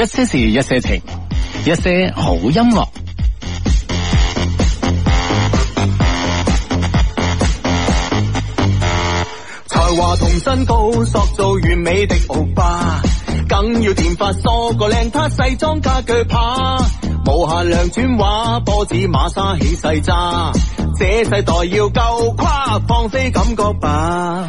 一些事，一些情，一些好音樂。才華同身高，塑造完美的歐巴，梗要電髮梳個靚，她西裝加鋸扒，無限量轉畫波子馬沙起細渣。這世代要夠誇，放飛感覺吧。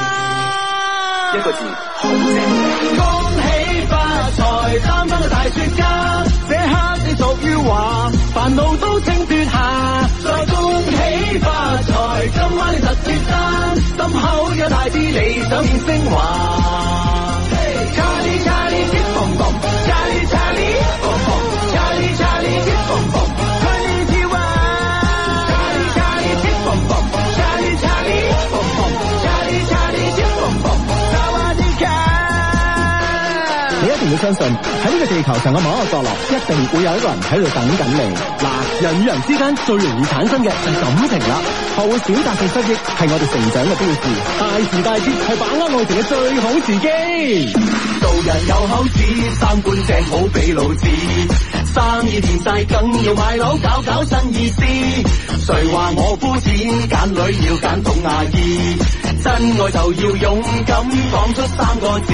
一個字，好恭喜發財，三翻嘅大雪茄。這刻你屬於我，煩惱都清脱下。再恭喜發財，今晚你特絕單，心口有大字，理想變升華。Hey, 我相信喺呢個地球上嘅某一個角落，一定會有一個人喺度等緊你。嗱，人與人之間最容易產生嘅就係感情啦。學會表達同失憶係我哋成長嘅標誌。大時大節係把握愛情嘅最好時機。做人有口齒，三觀正好比老子。生意墊晒，更要賣腦搞搞新意思。誰話我膚淺？揀女要揀懂牙醫。真愛就要勇敢講出三個字。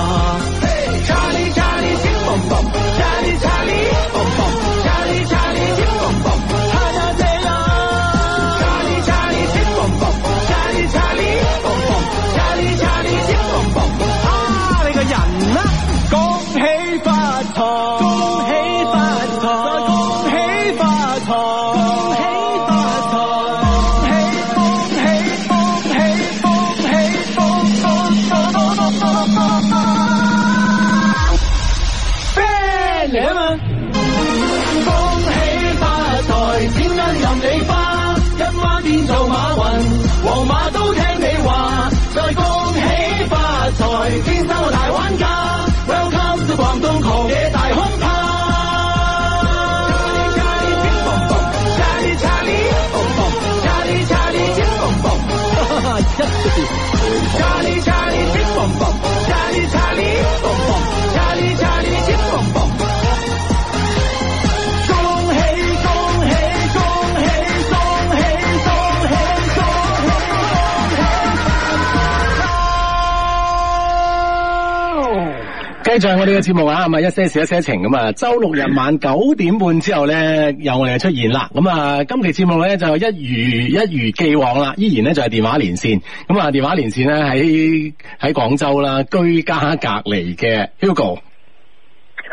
上我哋嘅節目啊，咁啊一些事一些情咁啊，周六日晚九點半之後咧，有我哋嘅出現啦。咁啊，今期節目咧就一如一如既往啦，依然咧就係電話連線。咁啊，電話連線咧喺喺廣州啦，居家隔離嘅 Hugo。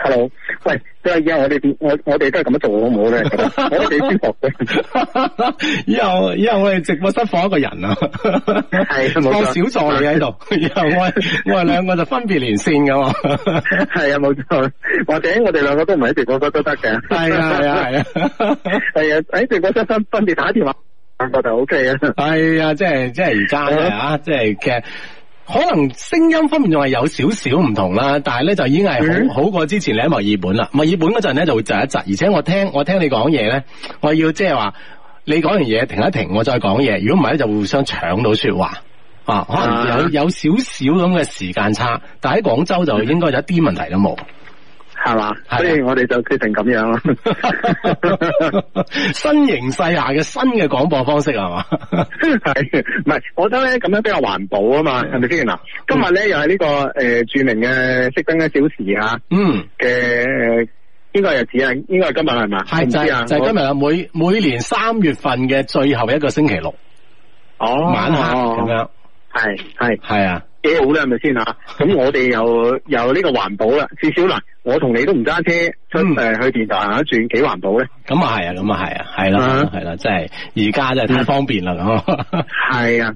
Hello，喂。依家我哋點我我哋都係咁樣做好唔好咧？我都幾舒服嘅。以後以後我哋直播室放一個人啊，放小助理喺度。以後我我哋兩個就分別連線噶嘛。係啊，冇錯。或者我哋兩個都唔係喺直播室都得嘅。係啊係啊係啊。係啊，喺直播室分分別打電話，個就 O K 啊。係 啊，即係即係而家即係嘅。可能聲音方面仲係有少少唔同啦，但係咧就已經係好、嗯、好過之前你喺墨爾本啦。墨爾本嗰陣咧就會窒一窒，而且我聽我聽你講嘢咧，我要即係話你講完嘢停一停，我再講嘢。如果唔係咧就會互相搶到說話啊，可能有有少少咁嘅時間差，但係喺廣州就應該有一啲問題都冇。係嘛、啊，所以我哋就決定咁樣咯。 新形勢下嘅新嘅廣播方式係嘛？係，唔 係，我覺得咧咁樣比較環保啊嘛，係咪先啊？今日咧又係呢個誒著名嘅熄燈一小時啊，嗯、嘅呢、這個、呃嗯呃、應該係日子啊，應該係今日係嘛？係就係、就係、今日每每年三月份嘅最後一個星期六，哦、晚黑咁樣，係係係啊。幾好咧，係咪先？咁我哋又又呢個環保啦，至少嗱，我同你都唔揸車出誒、呃、去電台行一轉，幾環保咧？咁啊係啊，咁啊係啊，係、嗯、啦，係、嗯、啦，即係而家真係太方便啦咁。係、嗯、啊，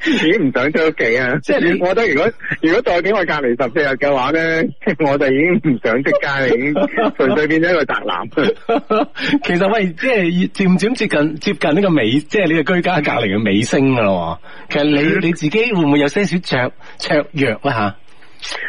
已經唔想出屋企啊！即係我，我覺得如果如果代表我隔離十四日嘅話咧，我就已經唔想出街啦， 已經純粹變咗一個宅男。其實喂，即係漸漸接近接近呢個尾，即係你個居家隔篱嘅尾聲喎。 其實你你自己會唔會有？有些少雀雀躍啦吓，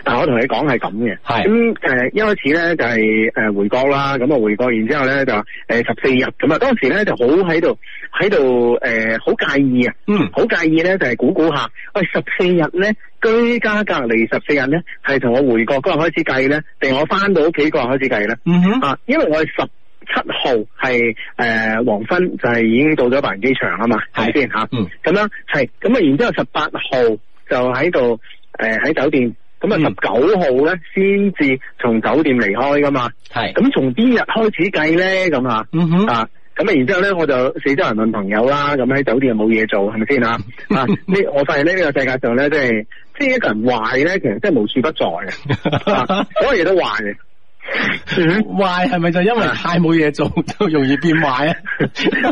但我同你講係咁嘅，係咁誒一開始咧就係、是、誒回國啦，咁啊回國，然之後咧就誒十四日咁啊，當時咧就好喺度喺度誒好介意啊，嗯，好介意咧就係估估下，喂十四日咧居家隔離十四日咧係同我回國嗰日開始計咧，定我翻到屋企嗰日開始計咧、嗯哼，啊因為我係十。七號係誒黃昏就係已經到咗白雲機場啊嘛，係咪先吓？嗯，咁樣係，咁啊然之後十八號就喺度誒喺酒店，咁啊十九號咧先至從酒店離開噶嘛，係。咁從邊日開始計咧？咁啊，嗯哼，啊，咁啊然之後咧我就四周人問朋友啦，咁喺酒店又冇嘢做，係咪先啊？啊，呢我發現呢，呢個世界上咧，即係即係一個人壞咧，其實真係無處不在嘅、 啊，所有嘢都壞嘅。壞係咪就因為太冇嘢做，就、啊、容易變壞啊？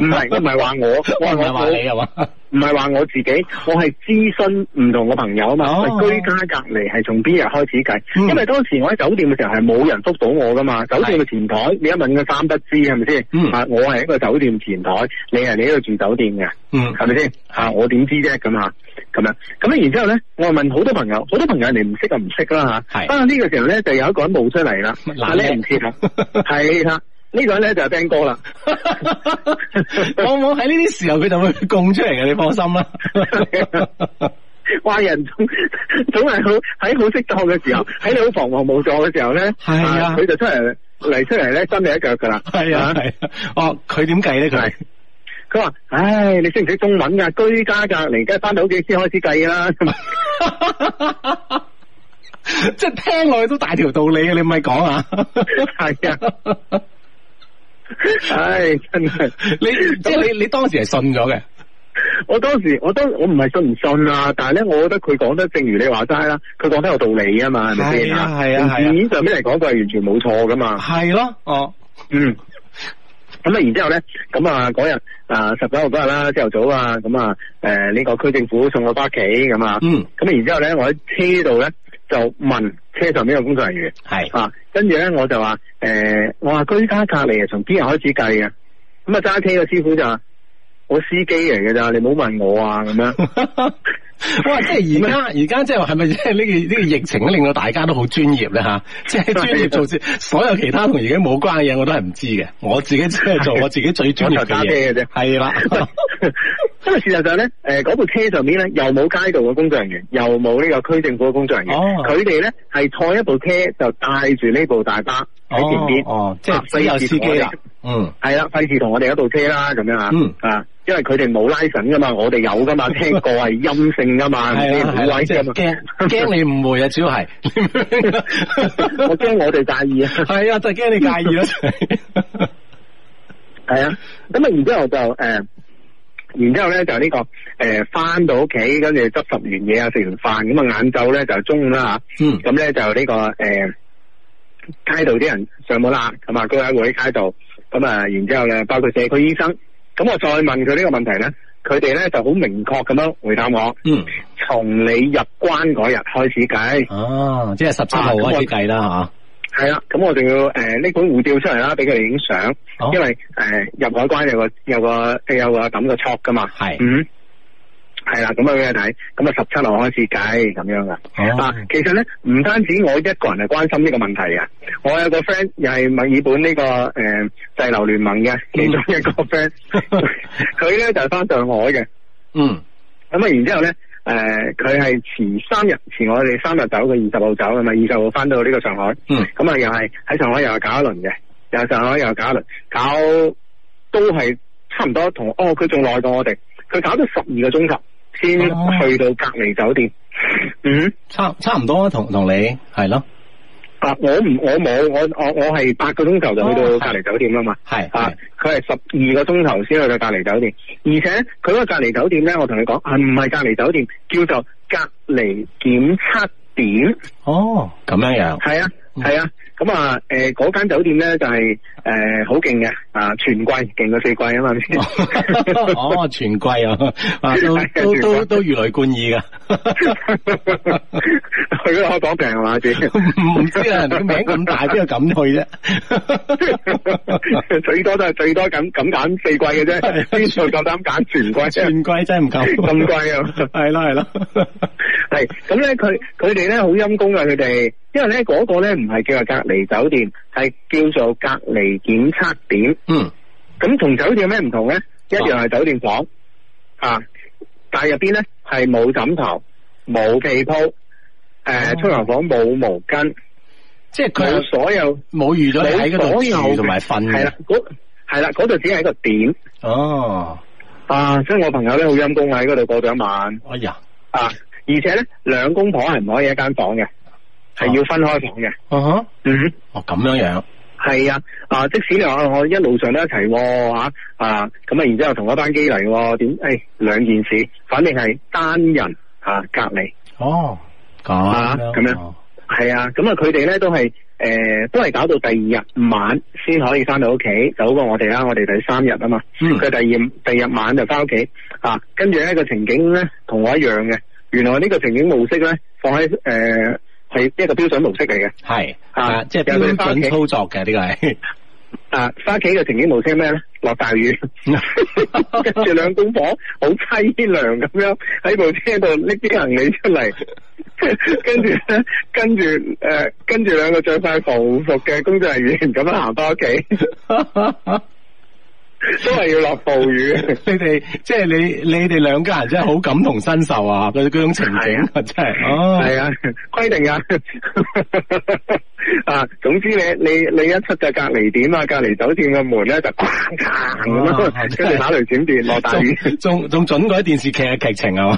唔係唔係話我，我唔係話你係嘛？唔係話我自己，我係諮詢唔同嘅朋友啊嘛，係、哦、居家隔離係從邊日開始計、嗯，因為當時我喺酒店嘅時候係冇人覆到我噶嘛，酒店嘅前台你一問佢三不知係咪先？啊、嗯，我係一個酒店前台，你係你喺度住酒店嘅，係咪先？啊，我點知啫咁吓，咁樣咁然之後咧，我問好多朋友，好多朋友你唔識就唔識啦吓。係，當呢個時候咧，就有一個人冒出嚟啦，阿你唔知啦，係啦。 是啊呢、這個咧就係聽歌啦， 我我喺呢啲時候佢就會供出嚟嘅，你放心啦。壞 人總係好喺好適當嘅時候，喺你好彷徨無助嘅時候咧，係 啊，佢就出嚟嚟出嚟咧，真你一腳噶啦。係啊，係、啊啊啊。哦，佢點計咧？佢係佢話，唉、哎，你識唔識中文噶？居家隔離，而家翻到屋企先開始計啦。即 係 聽落去都大條道理啊！你唔係講啊？係啊。 唉，真係你 即係你，你當時係信咗嘅。我當時，我都我唔係信唔信啊，但係咧，我覺得佢講得正如你話齋啦，佢講得有道理啊嘛，係咪先啊？係啊，係啊，上面嚟講，佢係、啊啊、完全冇錯噶嘛。係咯、啊，哦，嗯。咁啊，然之後咧，咁啊嗰日啊十九號嗰日啦，朝頭早啊咁啊誒呢個區政府送我翻屋企咁啊，嗯。咁然之後咧，我喺車度咧。就問車上面嘅工作人員係，跟住咧我就話，誒、呃，我話居家隔離，從邊日開始計啊？咁啊揸車個師傅就話：我司機嚟嘅咋，你唔好問我啊咁樣。 哇！即係而家，而家即係係咪即係呢個呢個疫情令到大家都好專業咧吓？即係專業做事， 所有其他同而家冇關嘅嘢我都係唔知嘅。我自己即係做我自己最專業嘅嘢。係 啦對了。 因為事實上咧，誒，嗰部車上面咧，又冇街道嘅工作人員，又冇呢個區政府嘅工作人員，佢哋咧係坐一部車就帶住呢部大巴喺、oh. 前邊、oh.，即係自由司機啦。嗯，係啦，費事同我哋一部車啦，咁樣啊，啊、嗯，因為佢哋冇拉 i c 噶嘛，我哋有噶嘛，聽過係陰性噶嘛，五位噶嘛，驚驚、就是、你誤會啊，主要係 我驚我哋介意啊，係、 就是、啊，就驚你介意咯，係啊，咁啊，然之後就誒。呃然之後咧就呢、這個誒，翻到屋企，跟住執拾完嘢啊，食完飯，咁啊晏晝咧就中午啦吓，咁、嗯、咧就呢、這個誒、呃，街道啲人上門啦，咁啊居委會街道，咁啊，然之後咧包括社區醫生，咁我再問佢呢個問題咧，佢哋咧就好明確咁樣回答我、嗯，從你入關嗰日開始計，啊，即係十七號開始計啦吓。啊係啦，咁我就要誒呢本護照出嚟啦，俾佢哋影相，因為誒、呃、入海關有個有個有個抌個戳噶嘛，係，嗯，係啦，咁啊俾你睇，咁啊十七號開始計咁樣噶、哦，啊，其實咧唔單止我一個人係關心呢個問題啊，我有個 friend 又係墨爾本呢、這個誒滯、呃、留聯盟嘅其中一個 friend，佢咧就係翻上海嘅，嗯，咁 啊、就是嗯、然之後咧。誒、呃，佢係遲三日，遲我哋三日走，佢二十號走，係咪？二十號翻到呢個上海，咁、嗯、啊，那又係喺上海又係搞一輪嘅，又係上海又搞一輪，搞都係差唔多同。哦，佢仲耐過我哋，佢搞咗十二個鐘頭先去到隔離酒店、哦。嗯，差差唔多同同你係咯。是啊！我唔，我冇，我我我係八個鐘頭就去到隔離酒店啦嘛。係、哦，佢係十二個鐘頭先去到隔離酒店，而且佢嗰個隔離酒店咧，我同你講，係唔係隔離酒店，叫做隔離檢測點。哦，咁樣樣。係啊，係啊。嗯咁啊，誒，嗰間酒店咧就係誒好勁嘅，啊全季，勁過四季啊嘛，哦，全季啊，都都都都如雷貫耳噶，去開檔病係嘛點？唔唔知啊，名咁大，邊度敢去啫？最多都係最多咁咁揀四季嘅啫，邊度夠膽揀全季？全季真係唔夠，咁貴啊，係啦係咯，係咁咧，佢佢哋咧好陰功啊，佢哋。因為咧嗰個咧唔係叫做隔離酒店，係叫做隔離檢測點。嗯。咁同酒店有咩唔同咧？一樣係酒店房啊，但係入邊咧係冇枕頭、冇被鋪，誒，沖涼房冇毛巾，即係佢所有冇預咗喺嗰度住同埋瞓嘅。係啦，嗰係啦，嗰度只係一個點。哦。啊，所以我朋友咧好陰功啊，喺嗰度過咗一晚。哎呀。啊，而且咧兩公婆係唔可以一間房嘅。係要分開房嘅，啊，嗯嗯，哦咁樣樣，係啊，啊，即使你話我一路上都一齊吓啊，咁啊，啊，然之後同一班機嚟，點、啊、誒、哎、兩件事，反正係單人啊隔離，哦，咁啊，咁、啊啊啊、樣，係啊，咁啊，佢哋咧都係誒，都係、呃、搞到第二日晚先可以翻到屋企，就好過我哋啦，我哋第三日啊嘛，佢、嗯、第二第二日晚就翻屋企啊，跟住咧個情景咧同我一樣嘅，原來呢個情景模式咧放喺誒。呃係一個標準模式嚟嘅，係啊，即係標準操作嘅呢個係啊，翻屋企嘅情景模式咩咧？落大雨， 跟住兩公婆好淒涼咁樣喺部車度拎啲行李出嚟，跟住咧，跟住誒、呃，跟住兩個着晒防護服嘅工作人員咁樣行翻屋企。 都係要落暴雨 你們、就是你，你哋即係你你哋兩家人真係好感同身受啊！嗰 嗰種情景是啊，真係哦，係啊，規定啊！ 啊總之你你你一出到隔離點隔離、呃哦、劇劇啊，隔離酒店嘅門咧就咣咁咯，跟住打雷閃電落大雨，仲仲準過啲電視劇嘅劇情啊嘛！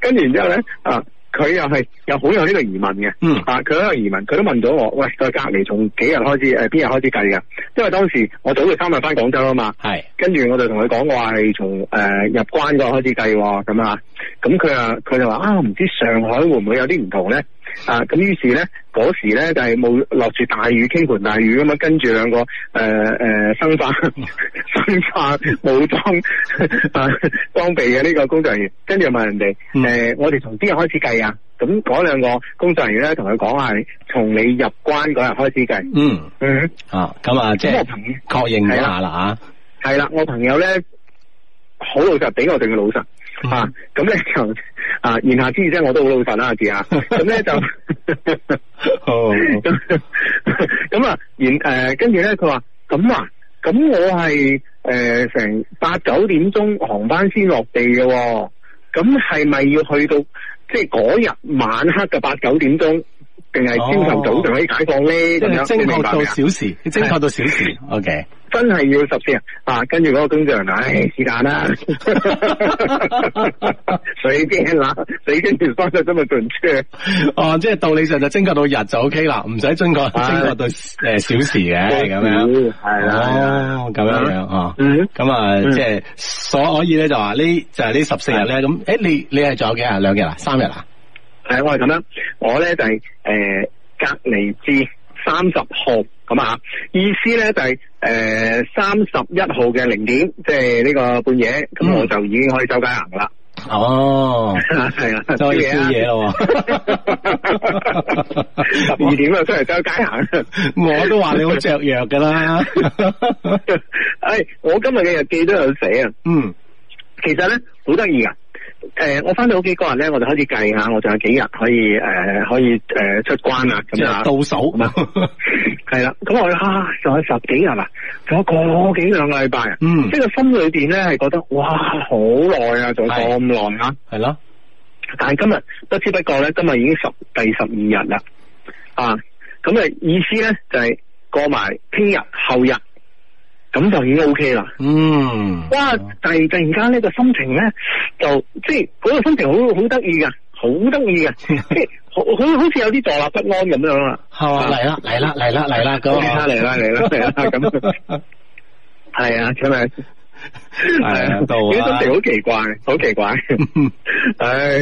跟住然之後咧啊。 佢又係又好有呢個疑問嘅，嗯，啊，佢都有疑問，佢都問咗我，喂，佢隔離從幾日開始？誒、呃，邊日開始計噶？因為當時我早啲三日翻廣州啊嘛，係，跟住我就同佢講，我係從誒入關嗰開始計，咁啊，咁佢啊，佢就話啊，唔知上海會唔會有啲唔同咧？啊！咁於是咧，嗰時咧就係冇落住大雨，傾盆大雨咁嘛！跟住兩個誒誒、呃呃，生化 生化武裝啊裝備嘅呢個工作人員，跟住問人哋：誒、嗯呃，我哋從邊日開始計啊？咁嗰兩個工作人員咧，同佢講係從你入關嗰日開始計。嗯嗯啊，咁、嗯、啊，即係我朋友確認一下啦吓。係啦、啊，我朋友咧好老實，比我正嘅老實。嗯、啊，咁咧就啊，言下之意咧，我都好老實啦，字 那就、 嗯、啊，咁咧就咁咁啊，然誒，跟住咧，佢話咁啊，咁我係誒成八九點鐘航班先落地嘅、啊，咁係咪要去到即係嗰日晚黑嘅八九點鐘，定係朝頭早就可以解放咧、哦？即係精確到小時，精確到小時，到小時，OK。 真係要十四日啊！跟住嗰個工匠，唉、哎，是但啦，水機啦，隨機，連翻咗都冇準確。哦，即係道理上就精確到日就 OK 啦，唔使精確精確到誒小時嘅咁、啊啊啊啊啊啊、樣。係啦，咁樣樣啊，咁啊，嗯啊嗯、即係所可以咧，就話呢就係呢十四日咧。咁誒，你你係仲有幾日？兩日啦，三日啦。誒、啊，我係咁樣，我咧就係、是、誒、呃、隔離至三十號咁啊，意思咧就係、是。誒、呃，三十一號嘅零點，即係呢個半夜，咁我就已經可以周街行噶啦。嗯、 哦，係啦宵夜啦，宵夜咯，十二點啊，出嚟周街行。 我都話你好雀躍噶啦。誒、 哎，我今日嘅日記都有寫啊。嗯，其實咧好得意噶。誒、呃，我翻到屋企個人咧，我就開始計吓，我仲有幾日可以誒、呃，可以誒、呃、出關樣、 嗯嗯嗯嗯、啊，咁啊到手係啦，咁我哈仲有十幾日，仲有個幾兩個禮拜啊，嗯，即係心裏邊咧係覺得哇，好耐啊，仲咁耐啊，係咯，但係今日不知不覺咧，今日已經十第十二日啦，啊，咁啊意思咧就係、是、過埋聽日後日。咁就已經 O K 啦，嗯，哇！但係突然間呢個心情咧，就即係嗰個心情 好好得意噶，好得意噶，即係好好好似有啲坐立不安咁樣啦，係啊，嚟啦嚟啦嚟啦嚟啦咁，嚟啦嚟啦嚟啦咁，係啊，請問。來 係、哎、啊，呢 心情好奇怪，好奇怪。唉，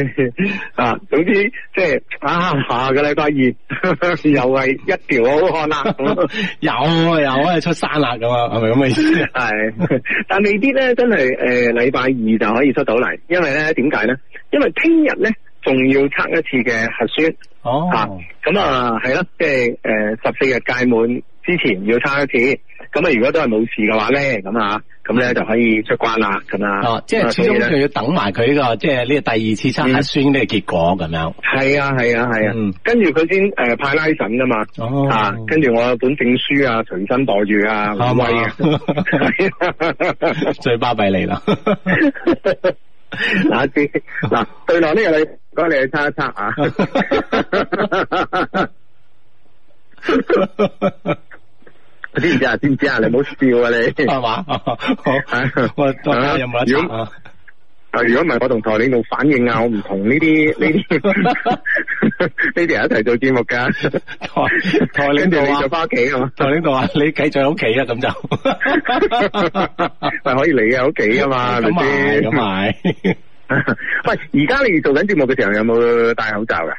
啊，總之即係、就是、啊，下個禮拜二又係一條好漢啊，有可以出山啦咁啊，係咪咁嘅意思？係，但未必咧真係誒，禮、呃、拜二就可以出到嚟，因為咧點解咧？因為聽日咧仲要測一次嘅核酸哦，吓咁啊係啦，即係誒十四日屆滿之前要測一次。咁啊！如果都係冇事嘅話咧，咁啊，咁咧就可以出關啦，咁啊，哦，即、就、係、是、始終仲要等埋佢呢個即係呢個第二次測核酸嘅結果咁樣。係啊，係啊，係啊、嗯，跟住佢先誒派拉神噶嘛、哦，啊，跟住我有本證書、哦 害 那個、差差啊，隨身帶住啊，威啊，最巴閉你啦，哪知嗱對落呢個你，講你去測一測啊。知唔知啊？知唔知啊？你唔好笑啊！你係嘛、啊啊？好，我有冇一齊啊？如果唔係、啊、我同台領導反應啊，我唔同呢啲呢啲呢啲人一齊做節目噶。台台領導你就翻屋企啊嘛？台領導，台領導啊，你繼續喺屋企啊？咁就，係可以嚟嘅屋企啊嘛，係、啊、咪？咁、啊、咪、啊啊啊啊？喂，而家你在做緊節目嘅時候有冇戴口罩噶？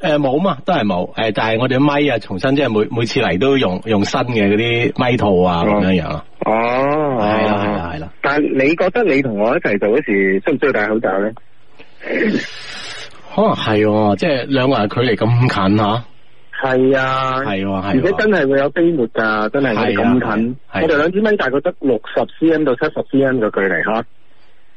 誒、呃，冇嘛，都係冇。誒，但係我哋咪啊，重新即係每每次嚟都用用新嘅嗰啲咪套啊，咁、哦、樣樣。哦，係啦，係、哦、啦，係啦。但係你覺得你同我一齊做嗰時，需唔需要戴口罩咧？可能係，即係兩個人距離咁近吓。係啊，係，如果真係會有飛沫噶，真係咁近。我哋兩千蚊大概得六十 cm 到七十 cm 嘅距離吓，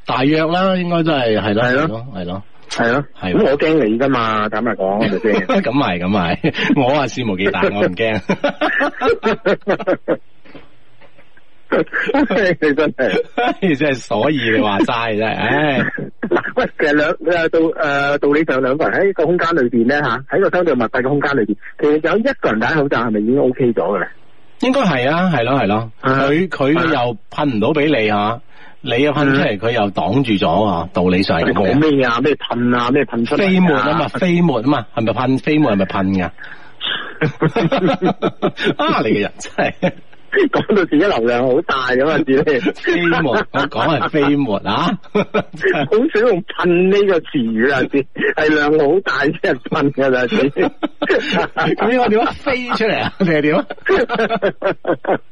大約啦，應該都係係啦，係咯，係咯。係咯、啊，係咁、啊、我驚你噶嘛，坦白講咪先。咁係，咁係，我啊肆無忌憚，我唔驚。不怕 你真係的，即係所以你話齋真係。喂，其實兩誒道誒道理上兩個人喺個空間裏邊咧吓，喺個相對密閉嘅空間裏邊，其實有一個人戴口罩係咪已經 OK 咗嘅咧？應該係啊，係咯、啊，係咯、啊，佢佢、啊、又噴唔到俾你吓。你噴出嚟，佢又擋住咗，啊。道理上嚟咩啊？咩噴啊？咩噴出嚟啊？飛沫啊嘛，飛沫啊嘛，係咪噴？飛沫係咪噴噶？ 啊！你嘅、啊、人真係講到自己流量好大咁啊！自己 飛沫，我講係飛沫啊！好少用噴呢個詞語啊！啲係量好大先係噴噶啦！咁應該點樣啊？ 啊飛出嚟啊？定係點啊？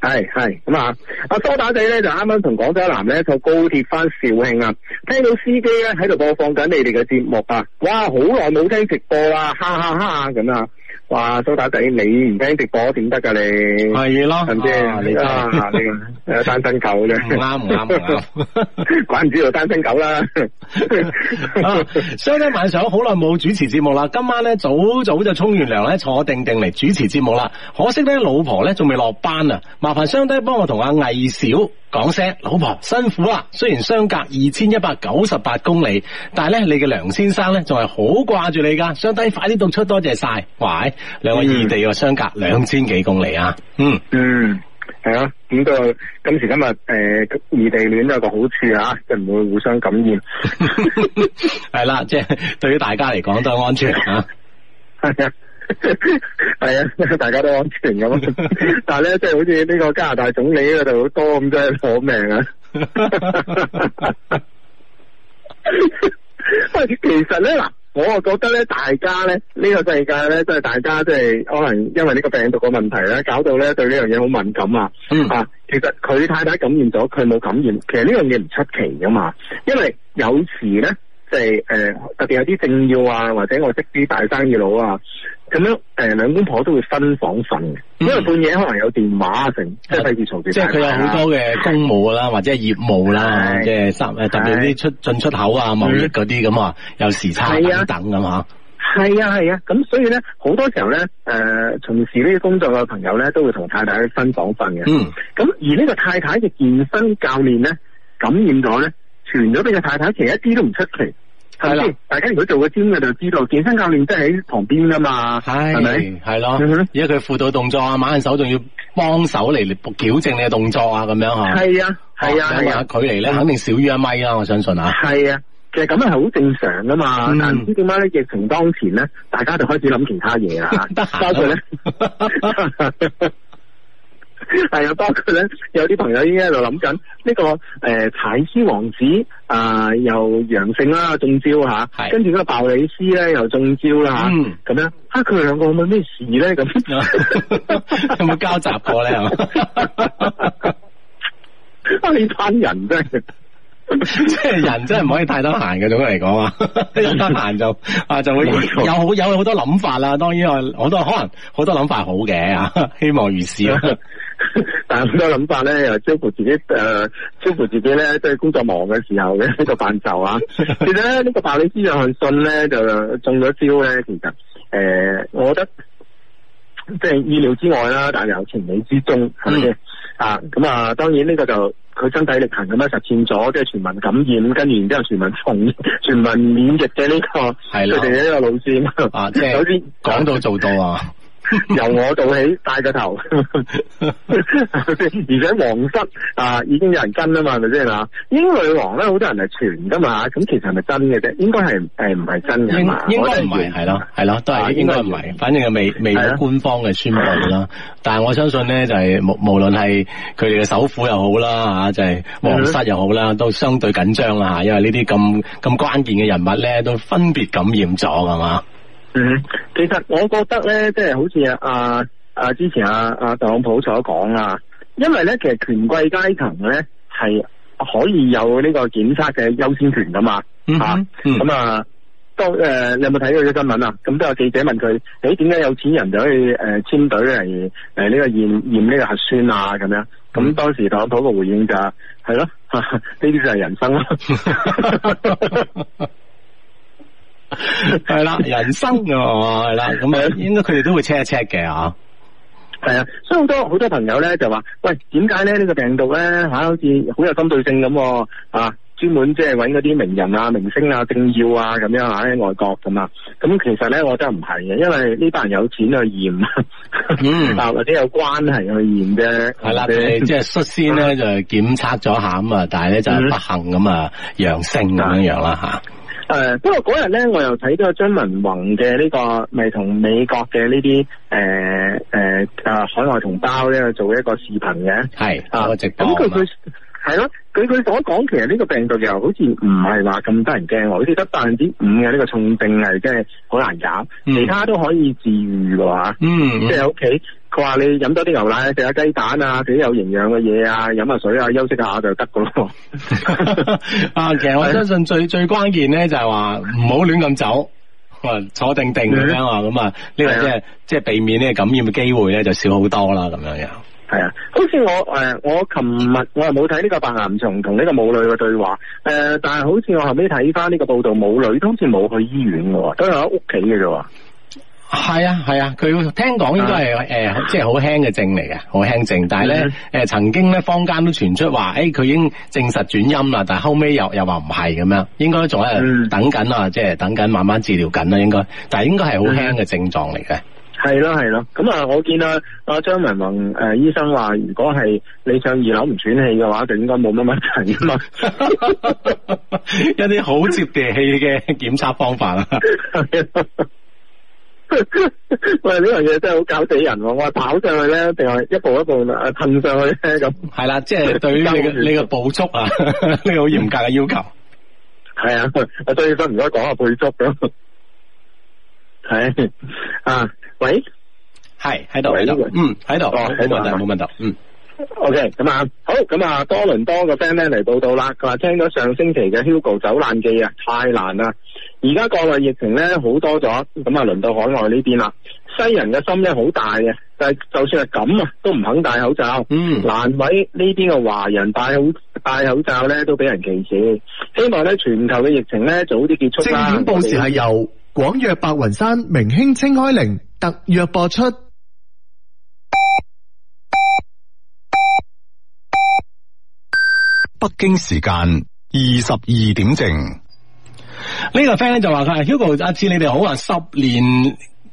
係係咁啊！阿多打仔咧就啱啱同廣州男咧坐高鐵翻肇慶啊！聽到司機咧喺度播放緊你哋嘅節目啊！哇，好耐冇聽直播啊！哈哈哈咁啊！哇，蘇打仔，你唔聽直播點得噶你？係咯，唔知你啊，你個、啊、單身狗咧，啱唔啱唔啱，鬼唔知道單身狗啦。雙、 啊、低晚上好耐冇主持節目啦，今晚咧早早就沖完涼咧坐定定嚟主持節目啦，可惜咧老婆咧仲未落班啊，麻煩雙低幫我同阿魏少，講聲老婆辛苦啦，雖然相隔二千一百九十八公里，但係咧你嘅梁先生咧仲係好掛住你噶，相低快啲讀出多謝晒，喂，兩位異地又相隔兩千幾公里啊，嗯嗯係啊，咁個今時今日誒異地戀有個好處啊，即係唔會互相感染，係 啦，即係對於大家嚟講都安全啊，係啊。係 啊，大家都安全咁，但係咧，即、就、係、是、好似呢個加拿大總理嗰度多咁多真係攞命啊！ 其實咧嗱，我啊覺得咧，大家咧呢、這個世界咧，即係大家即、就、係、是、可能因為呢個病毒嘅問題咧，搞到咧對呢樣嘢好敏感啊、嗯。啊，其實佢太太感染咗，佢冇感染，其實呢樣嘢唔出奇噶嘛。因為有時咧，即係誒，特別有啲政要啊，或者我識啲大生意佬啊。咁樣誒，兩公婆都會分房瞓嘅，因為半夜可能有電話成即係費事嘈住。即係佢有好多嘅公務啦，或者係業務啦，即係三誒，特別啲出進出口啊、貿易嗰啲咁啊，有時差等等咁嗬。係啊係啊，咁、啊啊、所以咧，好多時候咧，誒、呃，從事呢啲工作嘅朋友咧，都會同太太分房瞓嘅。嗯。咁而呢個太太嘅健身教練咧，感染咗咧，傳咗俾個太太，其實一啲都唔出奇。係啦，大家如果做個專嘅就知道健身教練都係喺旁邊噶嘛，係咪？係咯，而家佢輔導動作啊，抹手仲要幫手嚟嚟矯正你嘅動作啊，咁樣吓。係啊，係啊，係啊，距離咧肯定少於一米啦，我相信啊。係啊，其實咁樣係好正常噶嘛，但唔知點解咧？疫情當前咧，大家就開始諗其他嘢啊咧。 係又包括咧，有啲朋友依家喺度諗緊呢個誒，太、呃、子王子啊、呃、又陽性啦，中招吓，跟住咧鮑里斯咧又中招啦吓，咁、嗯、樣吓？佢哋兩個有冇咩事咧？咁、啊、 有冇交集過咧？ 啊！你班人真係， 即係人真係唔可以太得閒嘅，總嚟講啊，有得閒就啊就會有好有好多諗法啦。當然我好多可能好多諗法好嘅啊，希望如是 但咁多諗法咧，又招呼自己誒、呃，招呼自己咧，即係工作忙嘅時候嘅 實呢 這個範疇啊。其實咧，呢個百里之遠信咧就中咗招咧。其實誒，我覺得即係意料之外啦，但又情理之中係咪啊？咁、嗯、啊，當然呢個就佢身體力行咁樣實踐咗，即、就、係、是、全民感染，跟住然之後全民重全民免疫嘅呢、這個，係佢哋嘅呢個路線啊，即係講 到做到啊。 由我做起，帶個頭， 而且皇室啊，已經有人跟啊嘛，係咪先啊？英女王咧，好多人係傳噶嘛，咁其實係咪真嘅啫？應該係誒，唔係真嘅嘛，應該唔係係咯，係咯，都係應該唔係，反正又未未有官方嘅宣佈啦。但係我相信咧、就是，就係無無論係佢哋嘅首府又好啦，吓就係皇室又好啦，都相對緊張啦吓，因為呢啲咁咁關鍵嘅人物咧，都分別感染咗，㗎嘛？嗯，其實我覺得咧，即係好似阿、啊啊、之前啊阿、啊、特朗普所講啊，因為咧，其實權貴階層咧係可以有呢個檢測嘅優先權噶嘛，吓、嗯，咁啊、嗯嗯、當誒、呃，你有冇睇過啲新聞啊？咁都有記者問佢，誒、欸，點解有錢人就可以誒簽隊嚟誒呢個驗驗呢個核酸啊？咁樣，咁、嗯嗯、當時特朗普嘅回應就係，係咯，呢、啊、啲、啊啊、就係人生咯。 係 啦，人生啊，係啦，咁啊，應該佢哋都會 check 一 check 嘅啊。係啊，所以好多好多朋友咧就話，喂，點解咧呢個病毒咧，吓好似好有針對性咁啊，專門即係搵嗰啲名人啊、明星啊、政要啊咁樣吓，喺、啊、外國咁啊。咁其實咧，我真係唔係嘅，因為呢班人有錢去驗，嗯，或者有關係去驗啫。係啦，你即係率先咧就係檢測咗下咁啊、嗯，但係咧就係不幸咁啊陽性咁樣樣啦吓。嗯誒、呃，不過嗰日咧，我又睇到張文宏嘅呢、這個，咪同美國嘅呢啲誒誒啊海外同胞咧做一個視頻嘅，係啊、呃、直播。咁佢佢係咯，佢佢所講，其實呢個病毒又好似唔係話咁得人驚，好似得百分之五嘅呢個重症係真係好難搞、嗯，其他都可以治癒嘅話，嗯，即係屋企佢話你飲多啲牛奶，食下雞蛋啊，啲有營養嘅嘢啊，飲下水啊，休息下就得噶咯。啊， 其實我相信最最關鍵咧就係話唔好亂咁走，坐定定咁、嗯、樣啊，咁啊呢個即係即係避免咧感染嘅機會咧就少好多啦，咁樣。係啊，好似我誒，我琴日我係冇睇呢個白岩松同呢個母女嘅對話誒，但係好似我後尾睇翻呢個報道，母女都好似冇去醫院喎，都係喺屋企嘅啫喎。係啊係啊，佢、啊、聽講應該係誒，即係好輕嘅症嚟嘅，好輕症。但係咧誒，曾經咧坊間都傳出話，誒、哎、佢已經證實轉陰啦，但係後尾又又話唔係咁樣，應該仲喺等緊啊，即、嗯、係等緊慢慢治療緊啦，應該。但係應該係好輕嘅症狀嚟嘅。係咯係咯，咁啊，我見阿阿張文宏誒醫生話，如果係你上二樓唔喘氣嘅話，就應該冇乜問題噶嘛， 一啲好接地氣嘅檢測方法啊。 喂，呢樣嘢真係好搞死人喎、哦！我話跑上去咧，定係一步一步啦，噴、啊、上去咧咁。係啦，即係、就是、對於你嘅 你嘅捕捉啊，呢個好嚴格嘅要求。係 啊，對唔該講下捕捉係啊，喂，係喺度喺度，嗯，喺度，冇、哦、問題冇問題，嗯。O K，咁啊，好，咁啊，多倫多個 friend 咧嚟報道啦，佢話聽咗上星期嘅 Hugo 走難記啊，太難啦！而家國內疫情咧好多咗，咁啊，輪到海外呢邊啦。西人嘅心咧好大嘅，但係就算係咁啊，都唔肯戴口罩。嗯，難為呢邊嘅華人戴好戴口罩咧，罩都俾人歧視。希望咧全球嘅疫情咧早啲結束啦。正點報時係由廣藥白雲山明星清開靈特約播出。北京時間二十二點正，呢個 friend 咧就話佢，Hugo 阿志、你哋好啊，十年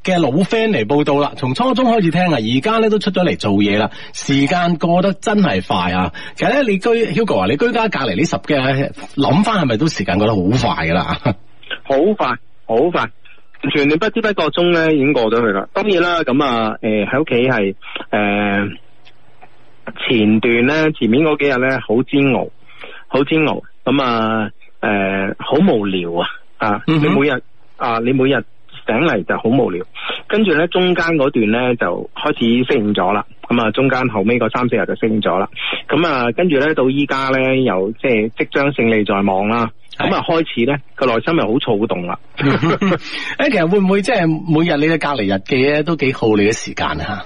嘅老 friend 嚟報道啦，從初中開始聽啊，而家咧都出咗嚟做嘢啦，時間過得真係快啊！其實咧，你居 Hugo 啊，你居家隔離呢十幾日諗翻，係咪都時間過得好快噶啦？好快，好快，完全你不知不覺中咧已經過咗去啦。當然啦，咁、呃、啊，誒喺屋企係誒前段咧，前面嗰幾日咧好煎熬。好煎熬，咁啊，誒、呃，好無聊啊、嗯！啊，你每日啊，你每日醒嚟，就好無聊。跟住咧，中間嗰段咧就開始適應咗啦。咁啊，中間後尾嗰三四日就適應咗啦。咁啊，跟住咧到依家咧又即係即將勝利在望啦。咁啊，開始咧個內心又好躁動啦。誒、嗯， 其實會唔會即係每日你嘅隔離日記咧都幾耗你嘅時間啊？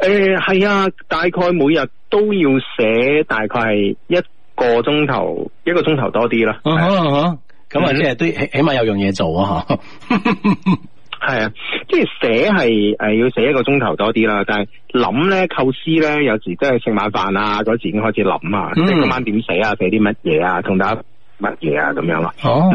誒、呃，係啊，大概每日都要寫，大概係一。個鐘頭一個鐘頭多啲啦，咁啊，即係都起起碼有樣嘢做啊吓，係啊，啊啊啊嗯、即係寫係誒要寫一個鐘頭多啲啦，但係諗咧構思咧有時即係食晚飯啊嗰時已經開始諗啊，即、嗯、今晚點寫啊寫啲乜嘢啊同大家乜嘢啊咁樣咯，哦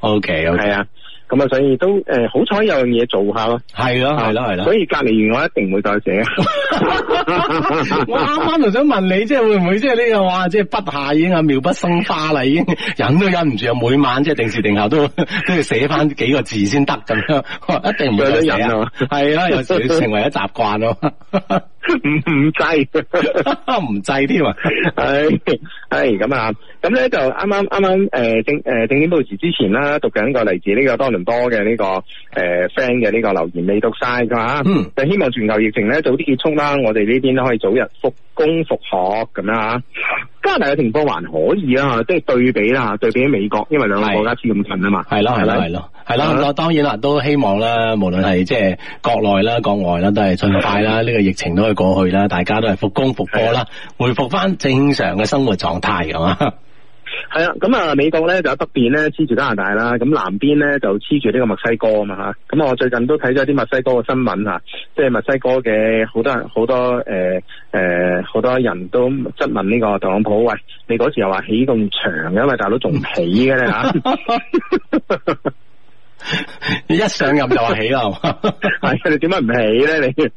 ，OK，係、okay. 啊。咁啊，所以都誒好彩有樣嘢做下咯，係咯，係、啊、咯，係囉。所以隔離完我一定唔會再寫。 我啱啱就想問你，即係會唔會即係呢個話，即係筆下已經係妙筆生花啦，已經忍都忍唔住啊！每晚即係定時定候都都要寫翻幾個字先得㗎，一定唔得忍啊！係囉，有時成為一習慣咯。 唔 制，唔制添啊！係係咁啊！咁咧就啱啱啱啱誒正誒正經報時之前啦，讀緊個嚟自呢個多倫多嘅呢個誒 friend 嘅呢個留言未讀晒噶嘛？嗯、就希望全球疫情咧早啲結束啦，我哋呢邊都可以早日復工復學咁樣啊！加拿大嘅情況還可以啦，即係對比啦，對對比美國，因為兩個國家住咁近係係係係係係係啊嘛。係啦係啦係啦係啦，當然啦，都希望啦，無論係即係國內啦、國外啦，都係儘快啦，呢、呢個疫情都係過去啦，大家都係復工復課啦，回復返正常嘅生活狀態咁嘛。係、嗯、啊，咁、嗯、啊，美國咧就喺北邊咧黐住加拿大啦，咁南邊咧就黐住呢個墨西哥啊嘛吓，咁、嗯、我最近都睇咗啲墨西哥嘅新聞吓，即係墨西哥嘅好多人好多誒誒好多人都質問呢、呢個特朗普，喂，你嗰時又話起咁長，因為大佬仲唔起嘅咧吓， 你一上任就話起啦，係、 哎、你點解唔起咧你？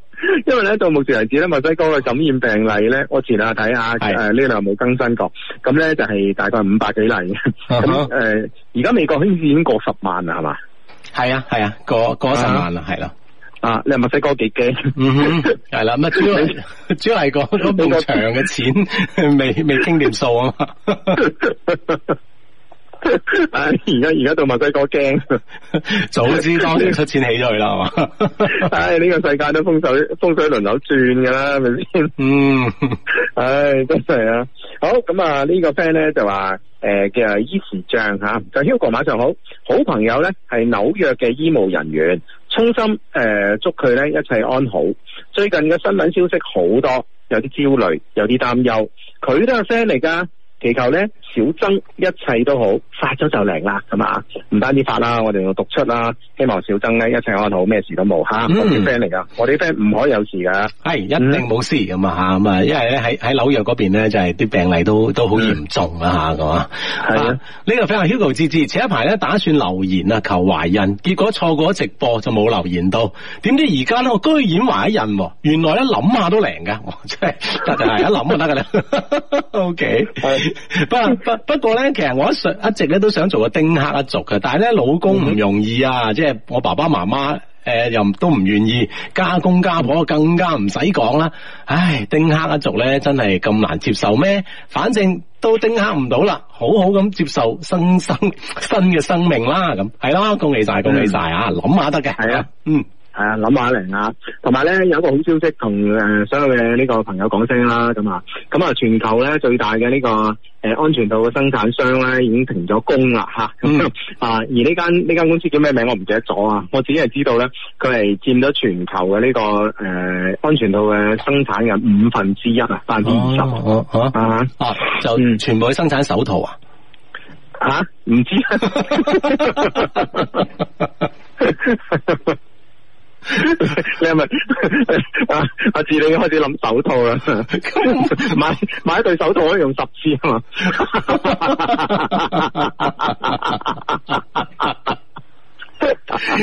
因為咧，到目前為止咧，墨西哥嘅感染病例咧，我前下睇下，誒呢度又冇更新過，咁咧就係、是、大概五百幾例。咁、啊、誒、嗯，而、呃、家美國已經過十萬啦，係嘛？係啊，係啊，過過十萬啦，係啦。啊，你話墨西哥幾驚？嗯哼，係啦，麼說的啊，主要主要係嗰嗰棟牆嘅錢未未清掂數啊。唉， 而家而家到墨西哥驚， 早知當年出錢起咗佢啦，係 嘛、 哎？唉，呢個世界都風水風水輪流轉噶啦，咪先？嗯，唉，真係、這個呃、啊！好咁啊，呢個 friend 咧就話誒叫伊時將吓，就 Hugo 晚上好好朋友咧，係紐約嘅醫務人員，衷心誒、呃、祝佢咧一切安好。最近嘅新聞消息好多，有啲焦慮，有啲擔憂，佢都係 friend 嚟噶，祈求咧小曾一切都好。發咗就靈啦，係嘛？唔單止發啦，我哋要讀出啦。希望小曾咧一切安好，咩事都冇吓，啲 friend 嚟噶，我哋 friend 唔可以有事噶，係一定冇事咁啊，咁、嗯、啊，因為咧喺喺紐約嗰邊咧就係、是、啲病例都都好嚴重、嗯、啊吓、係、啊、嘛？呢、這個 friend Hugo 之之前一排咧打算留言啊求懷孕，結果錯過直播就冇留言到，點知而家咧我居然懷孕，原來咧諗下都靈噶，我真係得就係、是、一諗就得噶啦。 OK，不不不過咧，其實我一,一直。都想做個丁克一族嘅，但係咧老公唔容易啊，嗯、即係我爸爸媽媽誒又都唔願意，家公家婆更加唔使講啦。唉，丁克一族咧真係咁難接受咩？反正都丁克唔到啦，好好咁接受新生新嘅生命啦。咁係啦，恭喜晒，恭喜晒啊！諗下得嘅，係啊，嗯。啊想想係啊，諗下嚟啊！同埋咧，有一個好消息同誒所有嘅呢個朋友講聲啦。咁啊，咁啊，全球咧最大嘅呢個誒安全套嘅生產商咧已經停咗工啦吓。咁、嗯、啊，而呢間呢間公司叫咩名我？我唔記得咗啊！我只係知道咧，佢係佔咗全球嘅呢個誒安全套嘅生產嘅五分之一啊，百分之二十啊啊！就全部去生產手套啊？吓，唔知。 你係咪啊？阿志玲開始諗手套啦、啊？買買一對手套可以用十次啊嘛！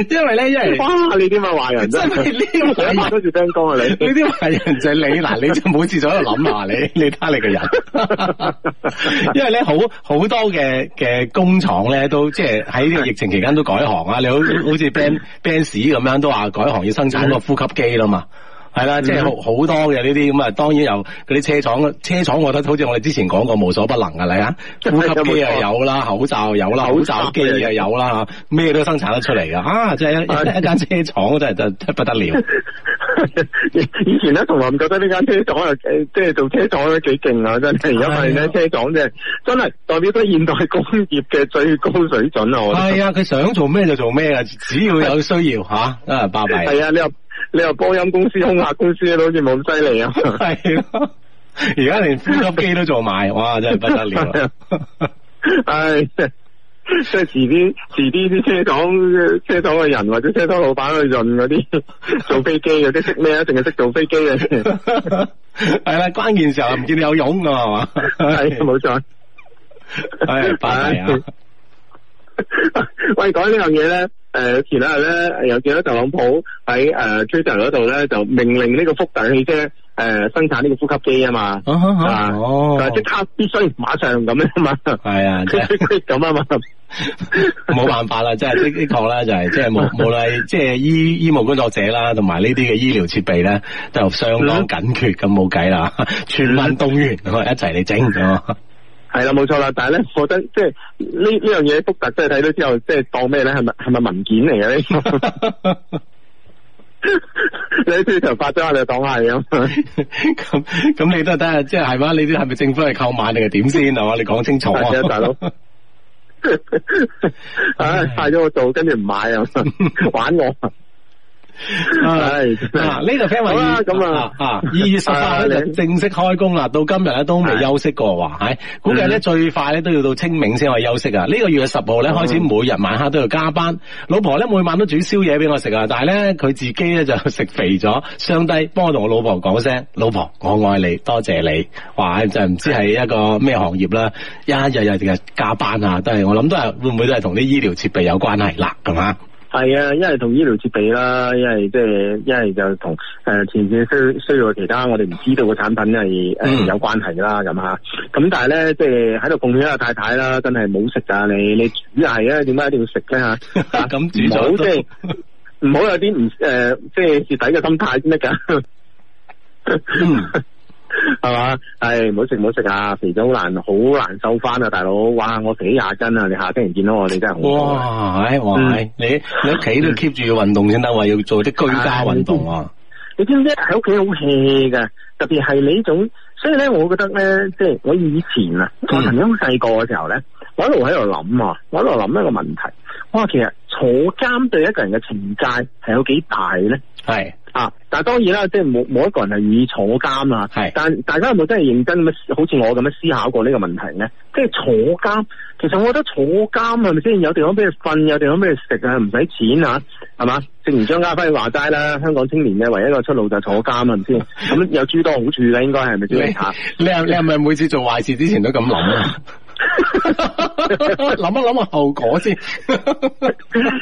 因為咧，因為哇，你啲咪壞人啫，你啲成日買多聽歌啊，你你啲壞人就你嗱， 你就冇志喺度諗啊，你你睇你嘅人， 因為咧好好多嘅嘅工廠咧都即係喺呢個疫情期間都改行啊，你好好似 Benz Benz 咁樣都話改行要生產嗰個呼吸機啦嘛。係啦、啊，即、就、係、是、好好多嘅呢啲咁啊！當然有嗰啲車廠，車廠我覺得好似我哋之前講過，無所不能噶你啊，呼吸機又有啦，口罩有啦，口罩機又有啦，咩都生產得出嚟噶，啊！即、就、係、是、一、啊、一間車廠真係真不得了。 以前咧，同唔覺得呢間車廠又即係做車廠都幾勁啊！真係，因為咧車廠真係真係代表咗現代工業嘅最高水準我啊！係啊，佢想做咩就做咩啊，只要有需要吓，啊，拜拜。係啊，你又。你話波音公司、空客公司，都好似冇犀利啊！係而家連呼吸機都做埋，哇！真係不得了。唉，即係遲啲，遲啲啲車廠、車廠嘅人或者車廠老闆去潤嗰啲做飛機嘅， 即係咩？淨係識做飛機嘅。係 啦，關鍵時候唔見你有勇嘅係嘛？係冇 錯。係、哎，係啊。喂，講呢樣嘢咧。誒，前兩日咧，有見到特朗普喺誒 Twitter 嗰度咧，就命令呢個福特汽車誒生產呢個呼吸機啊嘛、啊，哦，即刻必須馬上咁樣嘛，係啊，佢佢咁啊嘛，冇 辦法啦，即 係的確啦、就是， 就係即係無無論即係醫醫，醫務工作者啦，同埋呢啲嘅醫療設備咧，就相當緊缺，咁冇計啦，全民動員， 一齊嚟整。係啦，冇錯啦，但係咧，我覺得即係呢呢樣嘢，福達真係睇到之後，即係當咩咧？係咪係咪文件嚟嘅呢？你頭發張我哋當係咁，咁 咁你都係得下即係，係嘛？你知係咪政府嚟購買定係點先啊？你講清楚啊， 大佬！唉、 啊，派咗我做，跟住唔買啊，玩我！ 係 啊，呢度聽話好啦，咁啊啊，二、啊、月十八號就正式開工啦，到今日咧都未休息過喎，係估計咧最快咧都要到清明先可以休息啊。呢、這個月十號咧開始每日晚黑都要加班，老婆咧每晚都煮宵夜俾我食啊。但係咧佢自己咧就食肥咗，相低，幫我同我老婆講聲，老婆我愛你，多謝，謝你。哇，就唔知係一個咩行業啦，一日日日加班啊，想都係我諗都係會唔會都係同啲醫療設備有關係啦，咁啊。係啊，一係同醫療設備啦，因為即係一係就同誒前線需需要其他我哋唔知道嘅產品係誒有關係啦，咁、嗯、吓。咁但係咧，即係喺度貢獻下太太啦，真係冇食噶你你煮係啊，點解一定要食咧吓？咁 唔好即係唔好有啲唔誒，即係蝕底嘅心態先得噶。 嗯係嘛？係唔好食唔好食啊！肥咗好難好難瘦翻啊！大佬，哇！我肥咗廿斤啊！你下星期見到我，你真係好開心。哇！哇！嗯、你你屋企都 keep 住運動先得喎，要做啲居家運動、哎。你知唔知喺屋企好氣 e 噶？特別係你種，所以咧，我覺得咧，即係我以前啊、嗯，我曾經細個嘅時候咧，我一路喺度諗啊，我一路諗一個問題。我話其實坐監對一個人嘅情債係有幾大咧？係啊，但係當然啦，即係冇冇一個人係願意坐監啊。係，但大家有冇真係認真咁樣，好似我咁樣思考過呢個問題咧？即係坐監，其實我覺得坐監係咪先有地方俾佢瞓，有地方俾佢食啊，唔使錢啊，係嘛？正如張家輝話齋啦，香港青年嘅唯一一個出路就係坐監，啊，唔知。咁有諸多好處啦，應該係咪先？吓 你你係咪每次做壞事之前都咁諗啊？ 諗 一諗想個後果先，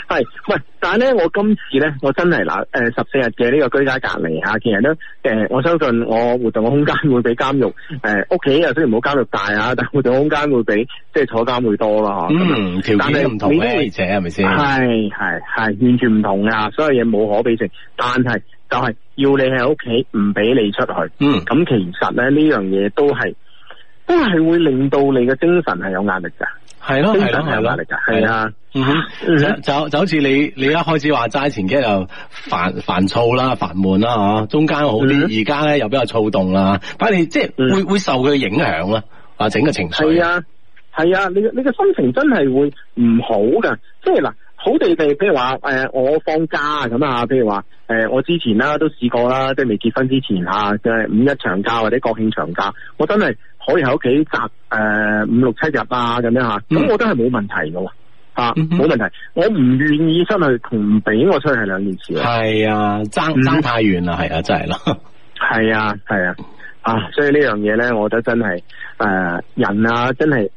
係，喂，但係咧，我今次咧，我真係嗱，誒、呃，十四日嘅呢個居家隔離啊，其實咧，誒、呃，我相信我活動嘅空間會比監獄，誒、呃，屋企又雖然冇監獄大啊，但係活動空間會比即係坐監會多啦嗬、啊。嗯，條件又唔同咧，而且係咪先？係係係，完全唔同啊！所有嘢冇可比性，但係就係要你喺屋企，唔俾你出去。嗯，咁其實咧呢樣嘢都係。都、啊、係會令到你嘅精神係有壓力噶，係咯，係啦，係咯，係啊、嗯，嗯哼，就就好似你你一開始話齋前嘅又煩煩躁啦、煩悶啦，吓、啊、中間好啲，而家咧又比較躁動啦，反正即係會、嗯、會受佢嘅影響啦，啊，整個情緒係啊係啊，你你嘅心情真係會唔好噶，即係嗱，好地地，譬如話誒、呃、我放假咁啊，譬如話誒、呃、我之前啦都試過啦，即係未結婚之前啊，即係五一長假或者國慶長假，我真係，可以喺屋企宅誒五六七日啊，咁樣吓，咁我覺得冇問題嘅喎，冇、嗯啊、問題。我唔願意出去同唔俾我出去係兩件事。係啊，爭爭太遠啦，係、嗯、啊，真係咯。係啊，係啊， 啊，所以呢樣嘢咧，我覺得真係誒人啊，真係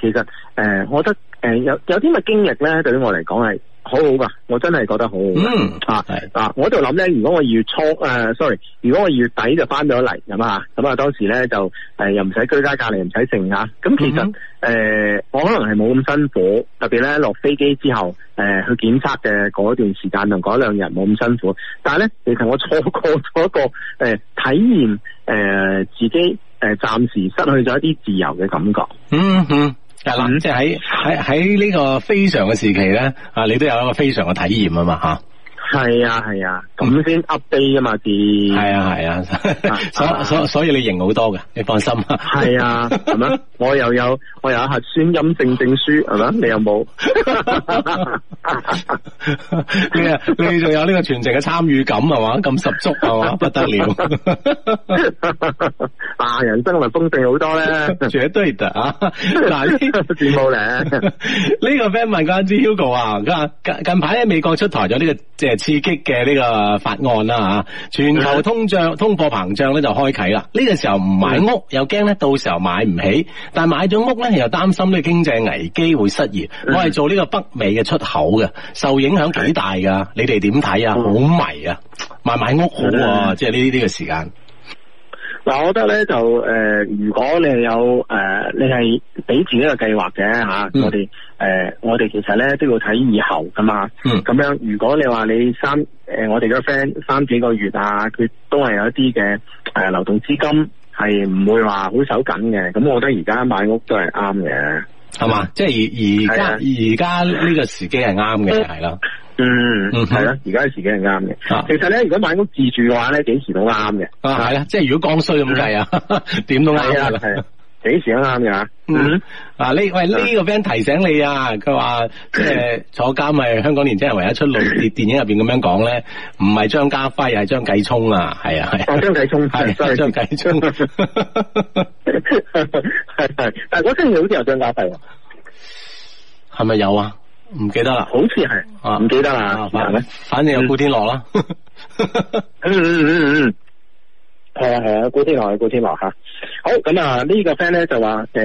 其實誒，我覺得誒有有啲嘅經歷咧，對於我嚟講係。好好噶，我真係覺得好好、嗯。啊，啊，我喺度諗咧，如果我二月初誒、呃、，sorry，如果我二月底就翻咗嚟咁啊，咁啊、嗯，當時咧就誒、呃、又唔使居家隔離，唔使剩啊。咁其實誒、嗯呃，我可能係冇咁辛苦，特別咧落飛機之後誒、呃、去檢測嘅嗰段時間同嗰兩日冇咁辛苦。但係咧，其實我錯過咗一個誒、呃、體驗誒、呃、自己誒暫、呃、時失去咗一啲自由嘅感覺。嗯哼。係、嗯、啦，咁即係喺喺喺呢個非常嘅時期咧，啊，你都有一個非常嘅體驗啊嘛，吓。係啊，係啊，咁先 update 嘛字。係、嗯、啊係啊，啊，啊，所啊所以、啊、所以你型好多嘅，你放心。係啊，係 嘛、啊，我又有我有核酸陰性證書，係嘛、啊，你又冇？ 你啊，你仲有呢個全程嘅參與感係嘛，咁十足係嘛，不得了、 啊。啊人生咪豐盛好多咧，絕對的 啊，但係點冇咧？呢 個 friend 問一啲 Hugo 啊，近排喺美國出台咗呢、這個即係。刺激嘅呢個法案啦，吓全球通脹、通貨膨脹咧就開啟啦。呢個時候唔買屋又驚咧，到時候買唔起。但係買咗屋咧又擔心呢經濟危機會失業。我係做呢個北美嘅出口嘅，受影響幾大噶。你哋點睇啊？好迷啊，買唔買屋好啊？即係呢啲呢個時間。嗱，我覺得咧就誒，如果你係有誒、呃，你係俾自己個計劃嘅吓，我哋誒、呃，我哋其實咧都要睇以後噶嘛，咁、嗯、樣如果你話你三誒、呃，我哋個 friend 三幾個月啊，佢都係有一啲嘅誒流動資金係唔會話好手緊嘅，咁我覺得而家買屋都係啱嘅，係、嗯、嘛，即係而而家而家呢個時機係啱嘅係啦。嗯就是嗯，係、嗯、啦，而家嘅時機係啱嘅。其實咧，如果買屋自住嘅話咧，幾時都啱嘅。啊，係啦，即係如果剛需咁計啊，點都啱係啊。幾時都啱嘅、嗯、啊？啊呢，喂呢、這個 friend 提醒你啊，佢話即係坐監係香港年輕人唯一出路。電影入邊咁樣講咧，唔係張家輝係張繼聰啊，係啊係。係張繼聰，係張繼聰。係係， 但係真係好似有張家輝啊，係咪有啊？唔記得啦，好似係，唔、啊、記得啦，係、啊、咪？反正有古天樂啦，係啊係啊，古天樂古天樂吓。好，咁啊呢個 friend 咧就話誒、呃、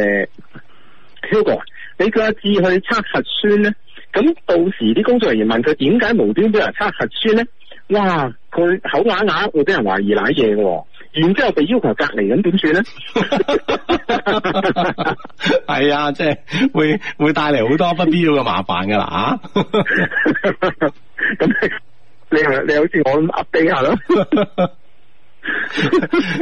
，Hugo，你叫個字去測核酸咧，咁到時啲工作人員問佢點解無端俾人測核酸咧，哇，佢口啞啞會俾人懷疑瀨嘢嘅。然之後被要求隔離，咁點算咧？係啊，即係會會帶嚟好多不必要嘅麻煩噶啦。啊，咁你你係你好似我咁 update 下咯。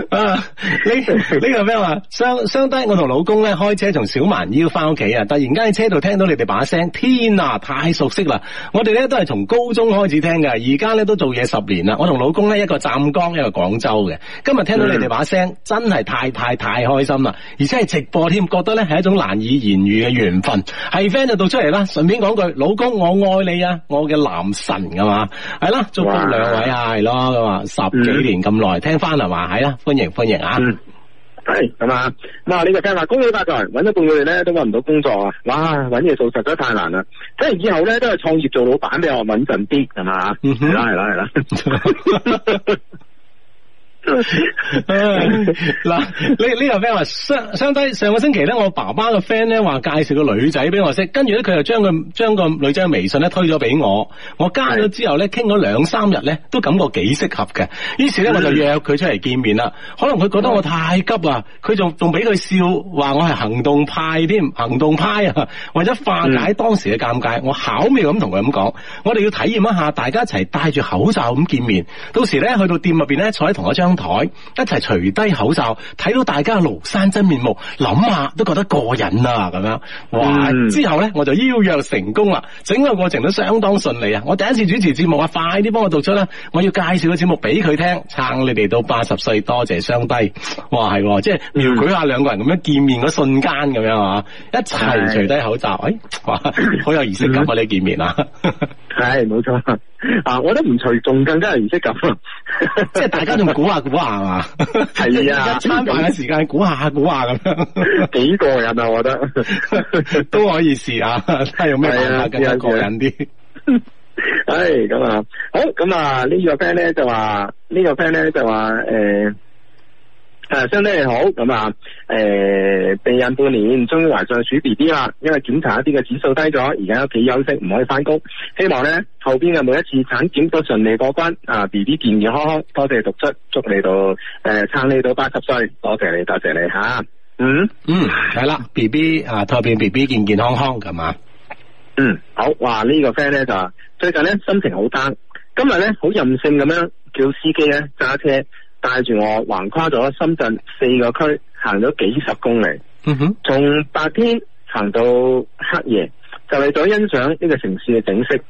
啊！ 呢呢個咩話？相相低，我同老公咧開車從小蠻腰翻屋企啊！突然間喺車度聽到你哋把聲，天啊！太熟悉啦！我哋咧都係從高中開始聽噶，而家咧都做嘢十年啦。我同老公咧一個湛江，一個廣州嘅。今日聽到你哋把聲，mm. 真係太太太開心啦！而且係直播添，覺得咧係一種難以言喻嘅緣分。係 friend 就到出嚟啦，順便講句，老公我愛你啊！我嘅男神噶嘛，係啦，祝福兩位啊，係咯。咁話十幾年咁耐、mm. 聽。聽翻係嘛，係啦，歡迎歡迎啊，係係嘛，哇！你又計劃恭喜發財，揾咗半個月咧都揾唔到工作啊，哇！揾嘢做實在太難啦，睇嚟以後咧都係創業做老闆比較穩陣啲係嘛？係啦係啦係啦。 嗱，呢呢個 friend 話相相上個星期呢，我爸爸個 friend 呢話介紹個女仔俾我識，跟住呢，佢就將佢將個女仔嘅微信呢推咗俾我，我加咗之後呢，傾咗兩三日呢，都感覺幾適合嘅，於是呢，我就約佢出嚟見面啦。可能佢覺得我太急啊，佢仲仲俾佢笑話我係行動派添，行動派啊，為咗化解當時嘅尷尬，我巧妙咁同佢咁講，我哋要體驗一下，大家一齊戴住口罩咁見面，到時呢，去到店入邊呢，坐喺同一張台一齊除低口罩，睇到大家嘅廬山真面目，諗下都覺得過癮啊！咁樣，哇！之後呢，我就邀約成功啦，整個過程都相當順利啊！我第一次主持節目啊，快啲幫我讀出啦，我要介紹個節目俾佢聽，撐你哋到八十歲，多謝雙低，哇！係即係描舉下兩個人咁樣見面嗰瞬間咁樣啊，一齊除低口罩，哎，哇，好有儀式感啊！你見面啊？ 係冇錯啊！我都唔隨眾，更加唔識咁， 即係大家仲估下估下係嘛？係啊，一 餐飯嘅時間估下估下咁樣，幾過癮啊！我覺得 都可以試啊，睇，用咩方法更加過癮啲。唉、 哎，咁啊，好咁啊，這個、呢、這個 friend 咧就話，呢個 friend 咧就話，誒。誒，相當你好咁啊！誒、呃，避孕半年終於懷上鼠 B B 啦，因為檢查一啲嘅指數低咗，而家屋企休息，唔可以翻工。希望咧後邊嘅每一次產檢都順利過關，啊！B B 健健康康，多謝讀出，祝你到誒、呃、撐你到八十歲，多謝你，多謝你吓、啊。嗯嗯，係啦，B B 啊，托 B B 健健康康咁啊。嗯，好，哇！這個、呢個 friend 咧就最近咧心情好 down，今日咧好任性咁樣叫司機咧揸車。帶住我橫跨咗深圳四個區，行咗幾十公里，從白天行到黑夜，就係、為、咗欣賞呢個城市嘅景色。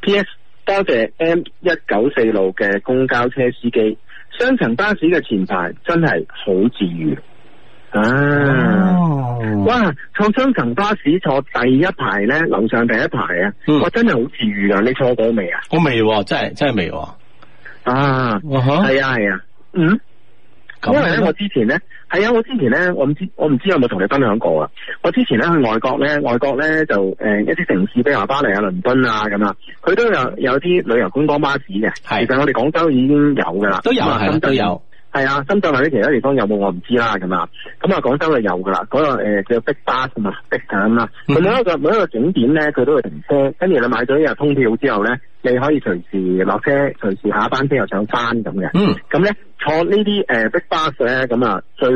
P.S. 多謝 M 一九四路嘅公交車司機，雙層巴士嘅前排真係好治愈。啊，哇！坐雙層巴士坐第一排呢，樓上第一排啊，我、嗯、真係好治愈啊。你坐過未啊？我未，真係真係未。啊，係啊、uh -huh. 啊，係啊。嗯，嗯，因為咧，我之前咧，係啊，我之前咧，我唔知，我唔知有冇同你分享過啊。我之前咧去外國咧，外國咧就誒、呃、一啲城市，比如話巴黎啊、倫敦啊咁啊，佢都有有啲旅遊觀光巴士嘅。係，其實我哋廣州已經有噶啦，都有，係都有，係啊，深圳或者其他地方有冇我唔知啦咁啊。咁啊，廣州就有噶啦，嗰、那個誒、呃、叫 bus 啊嘛，bus 咁啦。咁每一個、嗯、每一個景點咧，佢都會停車，跟住你買咗一日通票之後咧。你可以隨時落車，隨時下一班車又上翻咁嘅。嗯，咁咧坐 Bass，呢啲誒 big bus 咧，咁啊最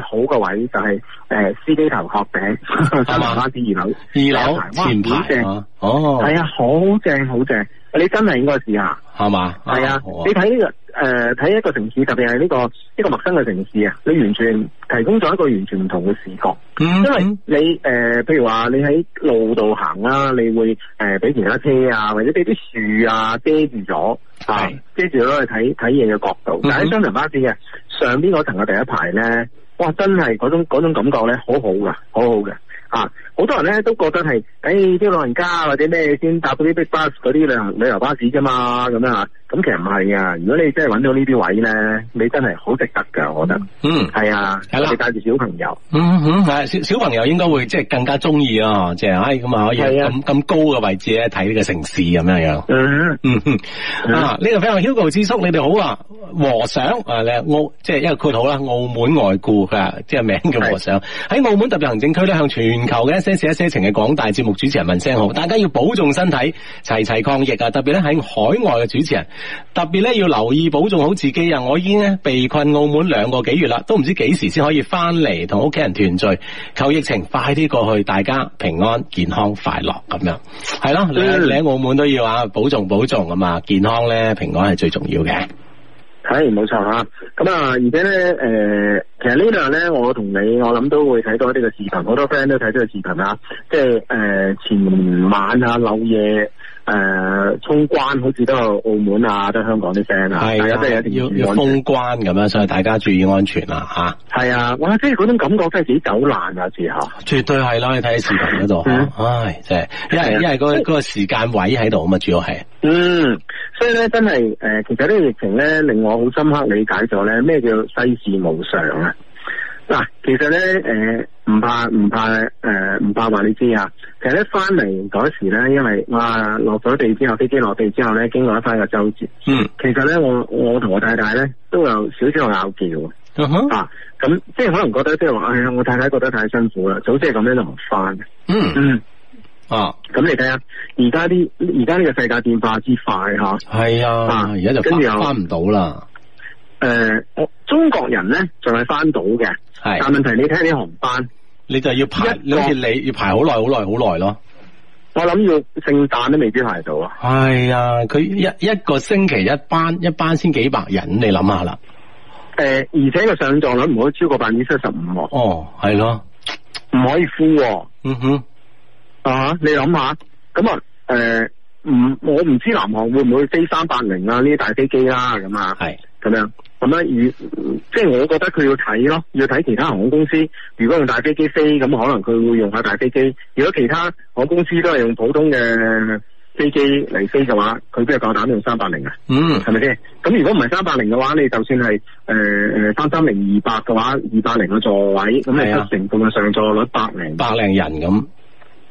好嘅位就係、是。誒、呃，司機頭殼頂，雙層巴士二樓，二樓前邊正，哦，係啊，好正好正，啊，你真係應該試下，係嘛？係啊，啊，你睇呢，這個誒，睇，呃、一個城市，特別係呢個一、這個陌生嘅城市啊，你完全提供咗一個完全唔同嘅視覺，嗯，因為你誒、呃，譬如話你喺路度行啦，你會誒俾其他車啊，或者俾啲樹啊遮住咗，係遮住咗去睇睇嘢嘅角度。嗯，但喺雙層巴士嘅上邊嗰層嘅第一排咧。嗯嗯哇！真係嗰種嗰種感覺咧，好好嘅，好好嘅啊！好多人咧都覺得係，誒，啲老人家或者咩先搭嗰啲 Big Bus 嗰啲旅行旅遊巴士啫嘛，咁啊，咁其實唔係啊，如果你真係揾到呢啲位咧，你真係好值得噶，我覺得。嗯，係啊，係啦，你帶住小朋友。嗯哼，係小小朋友應該會即係更加中意咯，即係，哎，咁啊可以咁咁高嘅位置咧睇呢個城市咁樣樣。嗯嗯嗯，啊，呢個非常 Hugo 叔叔，你哋好啊，和尚啊，澳，即係一個括號啦，澳門外顧噶，即係名叫和尚，喺澳門特別行政區咧向全球嘅。寫一些事一些情嘅廣大節目主持人問聲好，大家要保重身體，齊齊抗疫啊！特別咧喺海外嘅主持人，特別咧要留意保重好自己啊！我已經咧被困澳門兩個幾月啦，都唔知幾時先可以翻嚟同屋企人團聚，求疫情快啲過去，大家平安健康快樂咁樣，係咯，你喺澳門都要啊，保重保重啊嘛，健康咧平安係最重要嘅。係冇錯吓，咁啊而且咧誒，其實呢度咧我同你，我諗都會睇到一啲嘅視頻，好多 friend 都睇到個視頻啊，即係誒前晚啊、漏夜誒沖關，好似都係澳門啊，都係香港啲 friend 啊，大家都一定要要封關咁樣，所以大家注意安全啦吓。係啊，哇！即係嗰種感覺真係自己走難啊，之後。絕對係啦，你睇下視頻嗰度唉，即 係、哎，因係嗰、那個、 個時個時間位喺度啊嘛，主要係。嗯。所以咧，真係誒，其實呢個疫情咧，令我好深刻理解咗咧，咩叫世事無常啊！嗱，其實咧，誒，唔怕唔怕，誒，唔怕話你知啊。其實咧，翻嚟嗰時咧，因為話落咗地之後，飛機落地之後咧，經過一番個周折，嗯，其實咧，我我同我太太咧，都有少少有拗撬啊，咁即係可能覺得即係話，哎呀，我太太覺得太辛苦啦，早知係咁樣就唔翻啦，嗯。嗯。啊！咁你睇下，而家啲而家呢個世界變化之快吓，係啊，而、啊、家就返翻唔到啦。誒，我、呃、中國人咧仲係翻到嘅，係，但問題你聽啲航班，你就要排，好似你要排好耐好耐好耐咯。我諗要聖誕都未必排到啊。係啊，佢一一個星期一班，一班先幾百人，你諗下啦。誒、呃，而且個上座率唔可以超過百分之七十五喎。哦，係咯、啊，唔可以呼、啊、嗯哼。Uh -huh, 你諗下，咁、嗯、啊，誒，唔，我唔知南航會唔會飛三八零啊，呢啲大飛機啦，咁啊，係，咁樣，咁咧，以，即係我覺得佢要睇咯，要睇其他航空公司，如果用大飛機飛，咁可能佢會用下大飛機。如果其他航空公司都係用普通嘅飛機嚟飛嘅話，佢邊有夠膽用三八零啊？嗯，係咪先？咁如果唔係三八零嘅話，你就算係誒誒三三零二百嘅話，二八零嘅座位，咁、嗯、你七成咁嘅上座率百多百多人，百零百零人咁。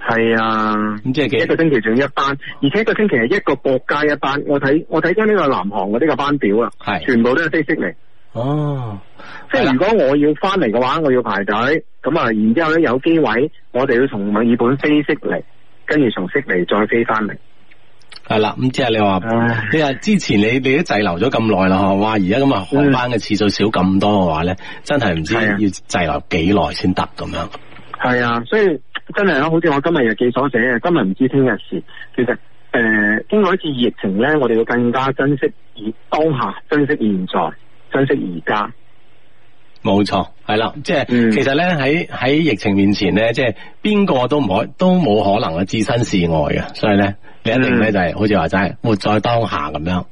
係啊，咁即係一個星期仲一班，而且一個星期係一個博加一班。我睇我睇翻呢個南航嘅呢個班表啦，係全部都係飛悉尼。哦，即係、啊、如果我要翻嚟嘅話，我要排隊咁啊，然之後咧有機位，我哋要從墨爾本飛悉尼，跟住從悉尼再飛翻嚟。係啦，咁即係你話，你話之前你哋都滯留咗咁耐啦，吓哇！而家咁啊航班嘅次數少咁多嘅話咧，真係唔知道要滯留幾耐先得咁樣。係啊，所以。真係啦，好似我今日日記所寫嘅。今日唔知聽日事，其實誒、呃，經過一次疫情咧，我哋要更加珍惜而當下，珍惜現在，珍惜而家。冇錯，係啦，即係、嗯、其實咧喺喺疫情面前咧，即係邊個都唔可都冇可能去置身事外嘅，所以咧你一定咧就係、是嗯、好似話齋活在當下咁樣。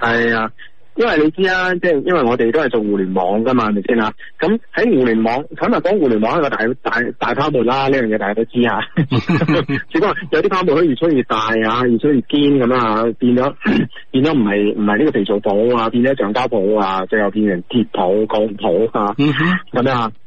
係啊。因為你知啦，即係因為我哋都係做互聯網噶嘛，係咪先啊？咁喺互聯網，坦白講，互聯網係一個大大大泡沫啦，呢樣嘢大家都知啊。只不過有啲泡沫都越出越大啊，越出越堅咁啊，變咗變咗唔係唔係呢個肥皂泡啊，變咗橡膠泡啊，最後變成鐵泡鋼泡啊。嗯哼，咁啊。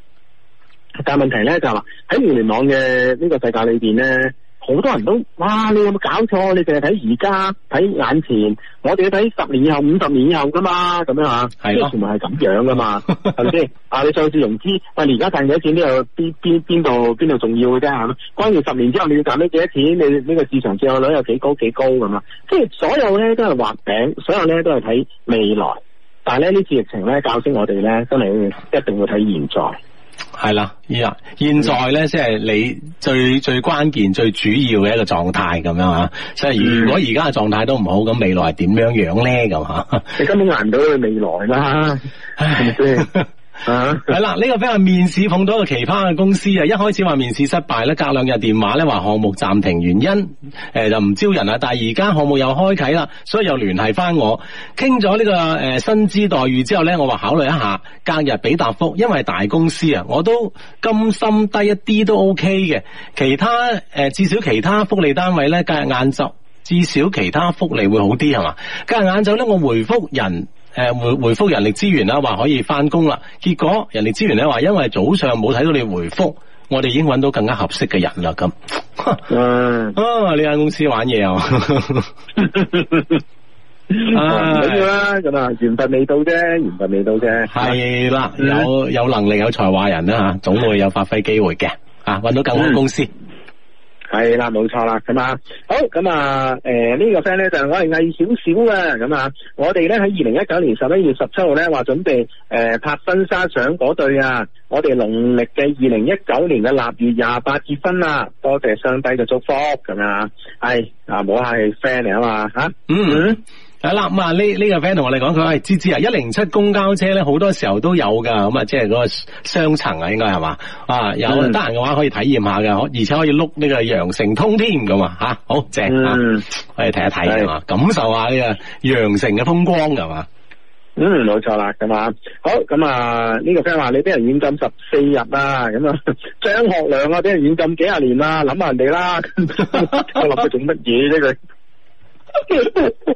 但係問題咧就係話喺互聯網嘅呢個世界裏邊咧。好多人都哇！你有冇搞錯？你淨係睇而家睇眼前，我哋要睇十年以後、五十年以後噶嘛？咁樣啊，係全部係咁樣噶嘛？係咪先？啊，你上次融資，喂、啊，而家賺幾多錢呢？又邊邊邊度邊度重要嘅啫？係咪？關鍵十年之後你要賺到幾多錢？你呢個市場占有率有幾高幾高咁嘛？即係所有咧都係畫餅，所有咧都係睇未來。但係咧呢次疫情咧，教識我哋咧真係一定要睇現在。係啦，依啊，現在咧即係你最最關鍵最主要嘅一個狀態咁樣啊，即係如果而家嘅狀態都唔好，咁未來係點樣樣咧咁吓？你根本捱唔到佢未來啦，係咪先？ 啊、uh -huh.，係啦，呢個比較面試碰到一個奇葩嘅公司啊，一開始話面試失敗咧，隔兩日電話咧話項目暫停，原因誒、呃、就唔招人啦，但係而家項目又開啟啦，所以又聯繫翻我，傾咗呢個誒薪資待遇之後咧，我話考慮一下，隔日俾答覆，因為大公司啊，我都甘心低一啲都 OK 嘅，其他誒、呃、至少其他福利單位咧隔日晏晝，至少其他福利會好啲係嘛，隔日晏晝咧我回覆人。誒，回回覆人力資源啦，話可以翻工啦，結果人力資源咧話，因為早上冇睇到你回覆，我哋已經揾到更加合適嘅人啦，咁， 啊，啊，呢間公司玩嘢啊，唔緊要啦，咁啊，緣分未到啫，緣分未到啫，係啦，有、嗯、有能力有才華人啦吓，總會有發揮機會嘅，啊，揾到更好公司。嗯係啦，冇錯啦，係嘛，好咁啊，誒、呃這個、呢個 friend 咧就我係矮少少嘅，咁、呃、啊，我哋咧喺二零一九年十一月十七號咧話準備誒拍婚紗相嗰對啊，我哋農曆嘅二零一九年嘅臘月廿八結婚啦，多謝上帝嘅祝福，咁、哎、啊，係啊，冇係 friend 嚟啊嘛，吓，嗯。嗯係、嗯、啦，咁啊呢呢個 friend 同我哋講，佢係知知啊，一零七公交車咧好多時候都有噶，咁啊即係嗰個雙層啊，應該係嘛？啊有得閒嘅話可以體驗下嘅，而且可以碌呢個羊城通添，咁啊吓，好正、嗯啊、可以睇一睇啊嘛，感受下呢個羊城嘅風光係嘛？嗯冇錯啦，咁啊，好咁啊呢個 friend 話你俾人軟禁十四日啊，咁啊張學良啊，俾人軟禁幾廿年啊，諗下人哋啦，我諗佢做乜嘢啫佢？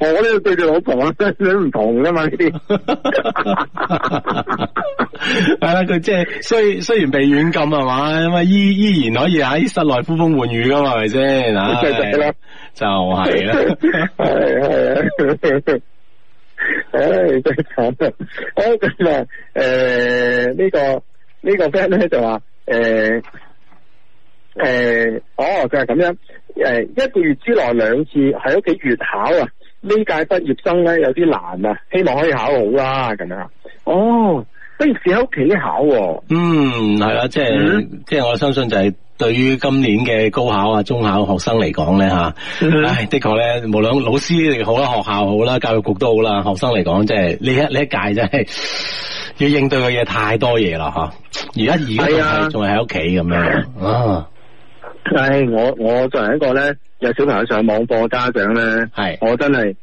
我咧對住老婆咧，你唔同噶嘛？呢啲係啦，佢即係雖雖然被軟禁係嘛，咁啊依依然可以喺室內呼風喚雨噶嘛？係咪先？就係啦，就係啦，係啊係啊，唉，真慘啊，誒，呢個呢個 friend 咧就話，誒誒，哦，就係咁樣。誒，一個月之內兩次喺屋企月考啊！呢屆畢業生咧，有啲難啊，希望可以考好啦咁樣。哦，不如試喺屋企考啊。嗯，係啦啊，即係即係我相信就係對於今年嘅高考啊、中考學生嚟講咧吓，唉，嗯、哎，的確咧，無論老師好啦、學校好啦、教育局都好啦，學生嚟講即係呢一呢一屆真係要應對嘅嘢，太多嘢啦吓。而家而家仲係仲係喺屋企咁樣啊。啊但係我我作為一個咧有小朋友上網課家長咧，係我真係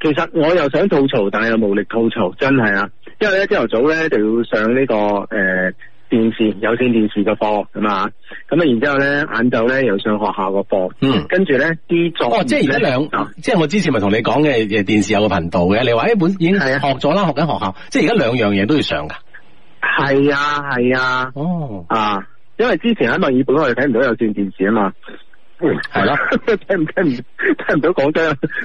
其實我又想吐槽，但係又無力吐槽，真係啊！因為咧朝頭早咧就要上呢、這個誒、呃、電視有線電視嘅課，咁啊咁啊，然之後咧晏晝咧又上學校嘅課，嗯，跟住咧啲作哦，即係而家兩，即係、啊、我之前咪同你講嘅，電視有個頻道嘅，你話誒本已經學咗啦，學緊學校，即係而家兩樣嘢都要上噶，係啊係啊，哦啊。因為之前喺墨爾本我哋睇唔到有線電視啊嘛，係、嗯、啦，睇唔睇唔睇唔到廣州，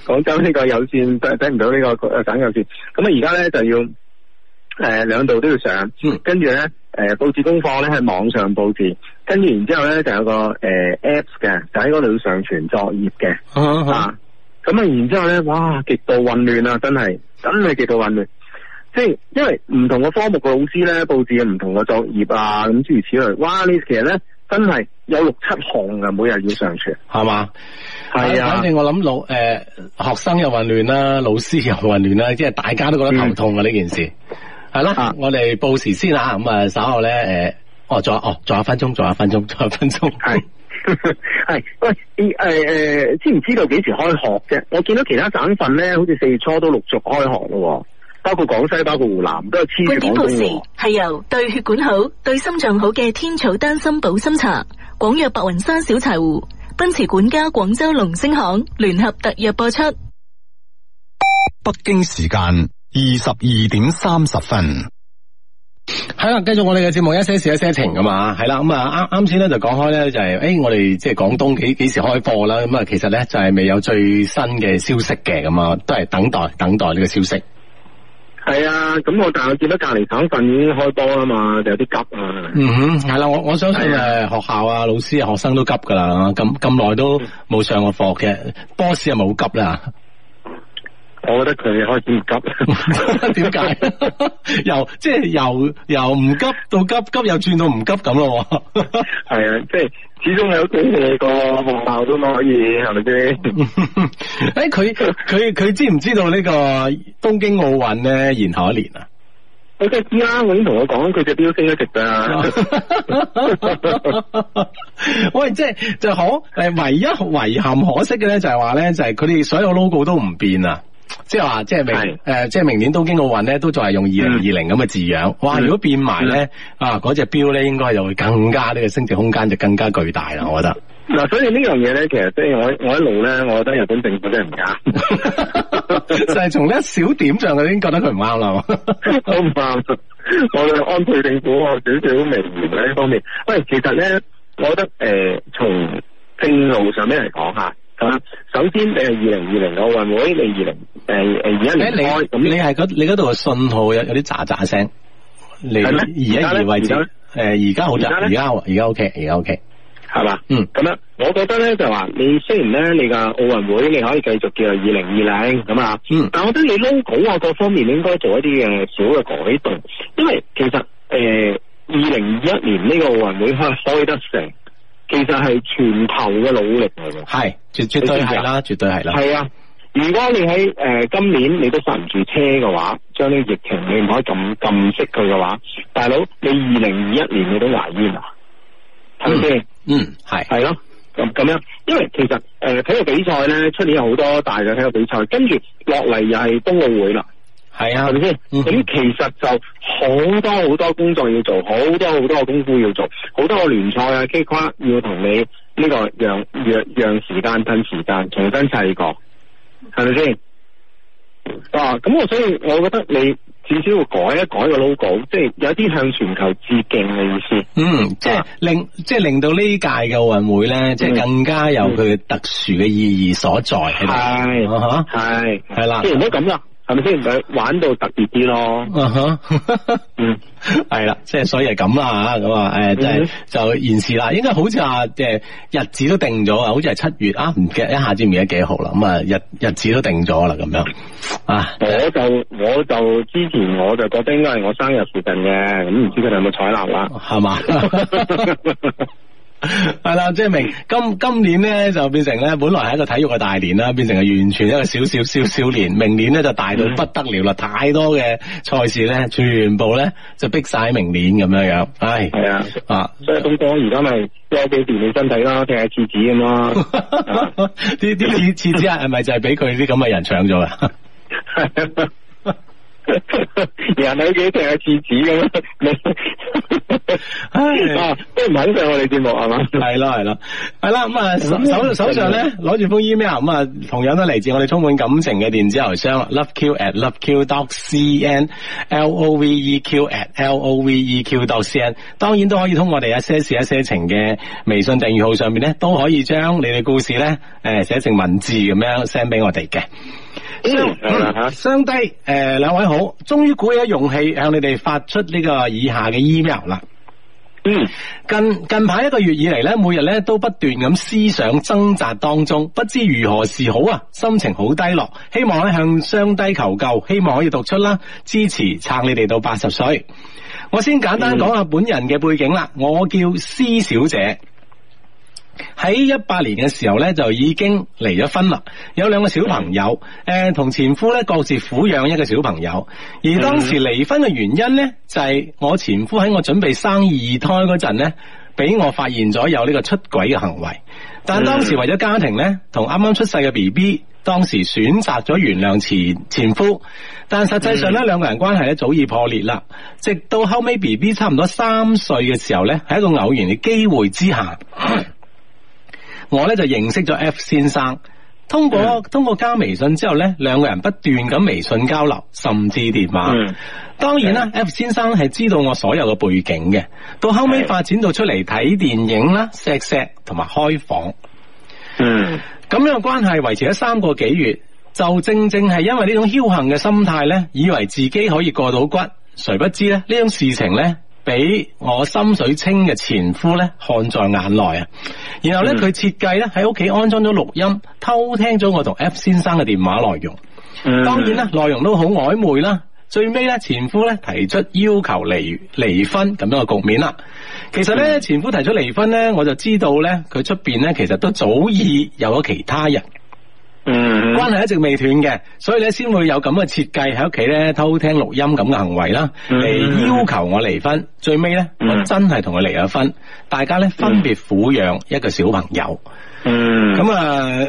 廣州呢個有線睇睇唔到呢個誒省有線，咁啊而家咧就要誒兩度都要上，跟住咧誒布置功課咧喺網上布置，跟住然之後咧就有一個誒 apps 嘅，就喺嗰度要上傳作業嘅咁啊，啊，啊然之後咧哇極度混亂啊，真係真係極度混亂。即係因為唔同嘅科目嘅老師咧布置嘅唔同嘅作業啊，咁諸如此類，哇！呢其實咧真係有六七項嘅，每日要上傳，係嘛？係啊，反、啊、正我諗老誒、呃、學生又混亂啦，老師又混亂啦，即係大家都覺得頭痛嘅呢件事。係啦、啊，我哋報時先啊，咁啊稍後咧誒、呃，哦，仲有哦，仲有一分鐘，仲有一分鐘，仲有一分鐘，係係 喂，誒誒、呃，知唔知道幾時開學嘅？我見到其他省份咧，好似四月初都陸續開學咯。包括廣西、包括湖南，都有黐糖嘅喎。觀點報時係由對血管好、對心臟好嘅天草丹心保心茶、廣藥白雲山小柴胡、奔馳管家、廣州龍星行聯合特約播出。北京時間二十二點三十分。係啦，繼續我哋嘅節目，一些事 setting，一些情啊嘛。係啦、就是，咁啊，啱啱先咧就講開咧，就係誒，我哋即係廣東幾幾時開播啦？咁啊，其實咧就係未有最新嘅消息嘅，咁啊，都係等待等待呢個消息。係啊，咁我但係見到隔籬省份已經開波啦嘛，就有啲急啊。嗯哼，係啦，我我相信誒，學校啊、老師啊、學生都急噶啦，咁咁耐都冇上過課嘅。嗯、boss 係咪好急咧？我覺得佢開始急，點 解什麼？又即係由、就是、由唔急到急，急又轉到唔急咁咯。係 啊，即係。始終有佢哋個學校都可以，係咪先？誒、 欸，佢佢佢知唔知道呢個東京奧運咧？延後一年我知我跟我的一的啊，佢係啱啱先同我講，佢只標聲一直噶。喂，即係就好，誒，唯一遺憾可惜嘅咧，就是，就係話咧，就係佢哋所有 logo 都唔變啊。即係話，即係明，誒，即係明年東京奧運咧，都仲係用二零二零咁嘅字樣。哇、嗯，如果變埋咧、嗯，啊，嗰隻標咧，應該又會更加呢、這個升值空間就更加巨大啦。我覺得嗱，所以呢樣嘢咧，其實即係我我一路咧，我覺得日本政府真係唔假， 就係從呢一小點上，我已經覺得佢唔啱啦。都唔啱，我係安倍政府，我少少微言喺呢方面。喂，其實咧，我覺得誒，從、呃、正路上面嚟講吓。首先你2020，你係二零二零奧運會，二零，誒誒二一年開，咁你係你嗰度信號有有啲喳喳聲，你咧，而家而家咧，誒而家好而家而家 OK，而家 OK，係嘛，嗯，咁樣，我覺得咧就話，你雖然咧你嘅奧運會你可以繼續叫做二零二零咁啊，嗯，但係我覺得你 logo 啊，各方面應該做一啲嘅小嘅改動，因為其實誒二零二一年呢個奧運會開開得成。其實係全球嘅努力嚟嘅，係，絕絕對係啦，絕對係啦。係啊，如果你喺誒、呃、今年你都剎唔住車嘅話，將呢個疫情你唔可以咁禁熄佢嘅話，大佬你二零二一年你都懷冤啊？係咪先？嗯，係，係、嗯、咯，咁咁樣，因為其實誒體育比賽咧，出年有好多大嘅體育比賽，跟住落嚟又係冬奧會啦。係啊，係咪先？咁、嗯、其實就好多好多工作要做，好多好多嘅功夫要做，好多聯賽、這個聯賽啊，K Cup 要同你呢個讓讓時間吞時間，重新砌過、這個，係咪先？啊，咁我所以我覺得你至少要改一改個 logo，即係有啲向全球致敬嘅意思。嗯，即係令即係、嗯、令到呢屆嘅奧運會咧，即係更加有佢特殊嘅意義所在。係、嗯，係，係啦，全部都咁啦。嗯係咪先？唔想玩到特別啲咯。Uh -huh. 嗯哼、就是，嗯，係啦，即係所以係咁啦咁啊，誒，就就延時啦。應該好似話，即係日子都定咗啊。好似係七月啊，唔記得一下子唔記得幾號啦。咁啊，日日子都定咗啦，咁樣啊。我就我就之前我就覺得應該係我生日時陣嘅，咁唔知佢哋有冇採納啦？係嘛。係 啦，即係明今今年咧就變成咧，本來係一個體育嘅大年啦，變成係完全一個小小少少年。明年咧就大到不得了啦， 太多嘅賽事咧，全部咧就逼晒明年咁樣樣。係係啊，啊，所以咁講，而家咪多幾鍛煉身體啦，定係廁紙咁咯？啲啲廁廁紙係咪就係俾佢啲咁嘅人搶咗啊？ 人女幾成個廁紙咁樣，唉、 啊，都唔肯上我哋節目係嘛？係咯係咯，係啦，咁啊手手上咧攞住封 email，咁、嗯、啊同樣都嚟自我哋充滿感情嘅電子郵箱、嗯、loveq at loveq dot cn，l o v e q at l o v e q dot cn，當然都可以通過我哋一些事一些情嘅微信訂閱號上面咧，都可以將你哋故事咧誒寫成文字咁樣 send 俾我哋嘅。雙，嗯嗯、雙低，誒、呃，兩位好，終於鼓起勇氣向你哋發出呢個以下嘅 email 啦。嗯，近近排一個月以嚟呢，每日都不斷咁思想掙扎當中，不知如何是好啊，心情好低落，希望咧向雙低求救，希望可以讀出啦，支持撐你哋到八十歲。我先簡單講下、嗯、本人嘅背景啦，我叫施小姐。喺一八年嘅時候咧，就已經離咗婚啦。有兩個小朋友，誒、嗯，同、呃、前夫咧各自撫養一個小朋友。而當時離婚嘅原因咧，就係、是、我前夫喺我準備生二胎嗰陣咧，俾我發現咗有呢個出軌嘅行為。但當時為咗家庭咧，同啱啱出世嘅 B B，當時選擇咗原諒前前夫。但實際上咧，兩、嗯、個人關係咧早已破裂啦。直到後尾 B B 差唔多三歲嘅時候咧，喺一個偶然嘅機會之下。嗯我咧就認識咗 F 先生，通過通過加微信之後咧，兩、mm. 個人不斷咁微信交流，甚至電話。Mm. 當然啦、mm.，F 先生係知道我所有嘅背景嘅，到後尾發展到出嚟睇電影啦、錫錫同埋開房。嗯，咁樣嘅關係維持咗三個幾月，就正正係因為呢種僥幸嘅心態咧，以為自己可以過到骨，誰不知咧呢種事情咧。俾我心水清嘅前夫呢，看在眼內啊，然後呢，佢設計呢喺屋企安裝咗錄音，偷聽咗我同 F 先生嘅電話內容。當然啦，內容都好曖昧啦。最尾呢，前夫呢提出要求離離婚咁樣嘅局面啦。其實呢，前夫提出離婚呢，我就知道呢，佢出邊呢，其實都早已有咗其他人。嗯、mm -hmm.，關係一直未斷嘅，所以咧先會有咁嘅設計喺屋企咧偷聽錄音咁嘅行為啦，嚟要求我離婚，最尾咧我真係同佢離咗婚，大家咧分別撫養一個小朋友，嗯、mm -hmm.，咁、呃、啊，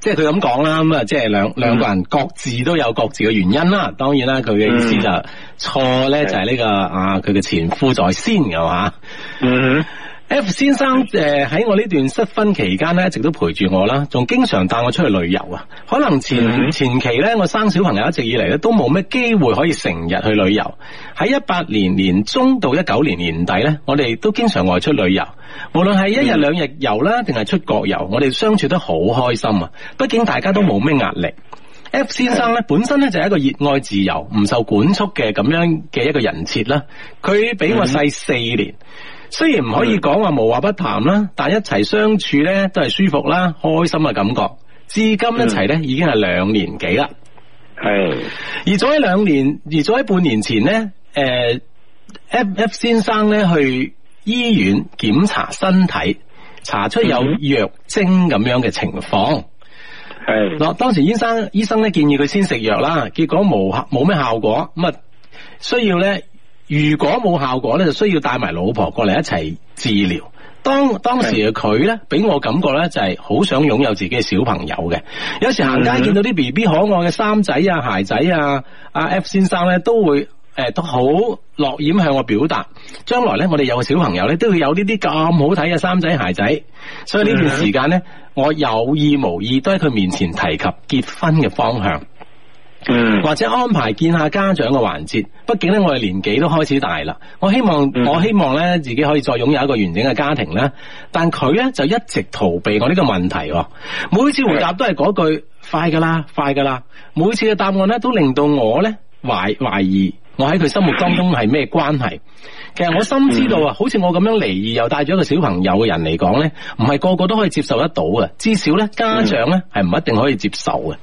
即係佢咁講啦，咁啊，即係兩兩個人各自都有各自嘅原因啦，當然啦，佢嘅意思就錯、是、咧、mm -hmm. 就係呢、這個啊佢嘅前夫在先嘅話，嗯、mm -hmm.。F 先生誒喺、呃、我呢段失婚期間咧，一直都陪住我啦，仲經常帶我出去旅遊啊。可能前、mm -hmm. 前期咧，我生小朋友一直以嚟咧，都冇咩機會可以成日去旅遊。喺一八年年中到一九年年底咧，我哋都經常外出旅遊，無論係一日兩日遊啦，定、mm、係 -hmm. 出國遊，我哋相處得好開心啊！畢竟大家都冇咩壓力。Mm -hmm. F 先生咧、mm -hmm. 本身咧就係一個熱愛自由、唔受管束嘅咁樣嘅一個人設啦。佢比我細四年。雖然唔可以講話無話不談啦，但一齊相處咧都係舒服啦、開心嘅感覺。至今一齊咧已經係兩年幾啦。係。而早喺兩年，而早喺半年前咧，誒，FF 先生咧去醫院檢查身體，查出有藥精咁樣嘅情況。係。嗱，當時醫生醫生咧建議佢先食藥啦，結果無效冇咩效果，咁啊需要咧。如果冇效果咧，就需要帶埋老婆過嚟一齊治療。當當時佢咧俾我感覺咧，就係好想擁有自己嘅小朋友嘅。有時行街見到啲 BB 可愛嘅衫仔啊、鞋仔啊，阿 F 先生咧都會誒都好樂意向我表達，將來咧我哋有個小朋友咧，都會有呢啲咁好睇嘅衫仔、鞋仔。所以呢段時間咧，我有意無意都喺佢面前提及結婚嘅方向。嗯，或者安排見下家長嘅環節，畢竟咧我哋年紀都開始大啦。我希望、嗯、我希望咧自己可以再擁有一個完整嘅家庭啦。但佢咧就一直逃避我呢個問題。每次回答都係嗰句是的快噶啦，快噶啦。每次嘅答案咧都令到我咧懷懷疑我喺佢心目當中係咩關係。其實我深知道啊、嗯，好似我咁樣離異又帶咗一個小朋友嘅人嚟講咧，唔係個個都可以接受得到嘅。至少咧家長咧係唔一定可以接受嘅。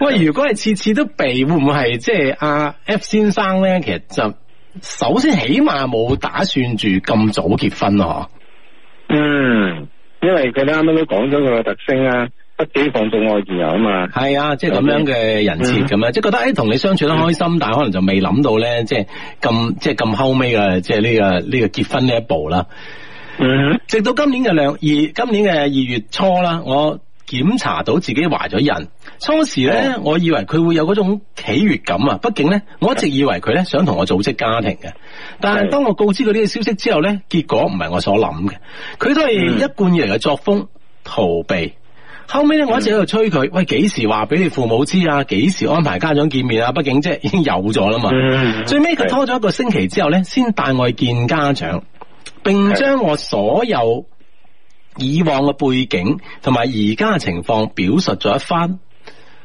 喂，如果係次次都避，會唔會係即係阿 F 先生咧？其實就首先起碼冇打算住咁早結婚咯，嗯，因為佢啱啱都講咗佢嘅特性啊，不羈放縱愛自由啊嘛。係啊，即係咁樣嘅人設咁樣，即、嗯、係、即係、覺得誒同你相處得開心，嗯、但係可能就未諗到咧，即係咁即係咁後尾嘅即係呢個呢、這個結婚呢一步啦。嗯哼，直到今年嘅兩二今年嘅二月初啦，我。檢查到自己懷咗孕，初時呢，我以為佢會有嗰種喜悦感啊，畢竟呢，我一直以為佢呢想同我組織家庭嘅。但係當我告知佢呢個消息之後呢，結果唔係我所諗嘅，佢都係一貫以嚟嘅作風，逃避。後尾呢，我一直喺度催佢，喂，幾時話俾你父母知啊？幾時安排家長見面啊？畢竟即係已經有咗啦嘛。最尾，佢拖咗一個星期之後呢，先帶我去見家長，並將我所有。以往嘅背景同埋而家嘅情況，表述咗一番，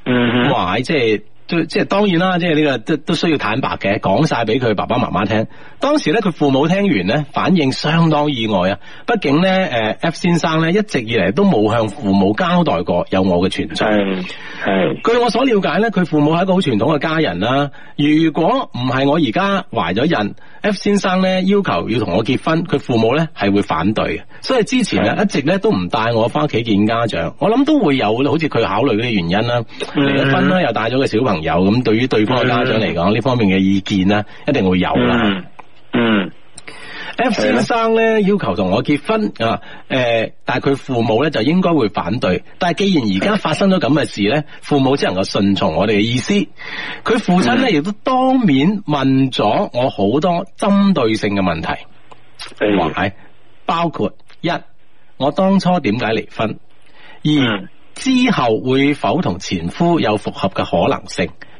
嗯、mm -hmm.，話即係即當然啦，即係呢個都都需要坦白嘅，講晒俾佢爸爸媽媽聽。當時咧，佢父母聽完咧，反應相當意外啊。畢竟咧，誒，F 先生咧一直以嚟都冇向父母交代過有我嘅存在。係、mm -hmm.，據我所了解咧，佢父母係一個好傳統嘅家人啦。如果唔係我而家懷咗孕。F 先生咧，要求要同我結婚，佢父母咧，係會反對嘅，所以之前啊一直咧都唔帶我翻屋企見家長。我諗都會有好似佢考慮嗰啲原因啦，離咗婚啦，mm-hmm，又帶咗個小朋友，咁對於對方嘅家長嚟講，呢方面嘅意見咧，一定會有啦。嗯。Mm-hmm. Mm-hmm. F 先生咧要求同我結婚啊，誒，但係佢父母咧就應該會反對。但係既然而家發生咗咁嘅事咧，父母只能夠順從我哋嘅意思。佢父親咧亦都當面問咗我好多針對性嘅問題，係，包括一，我當初點解離婚，二，之後會否同前夫有復合嘅可能性。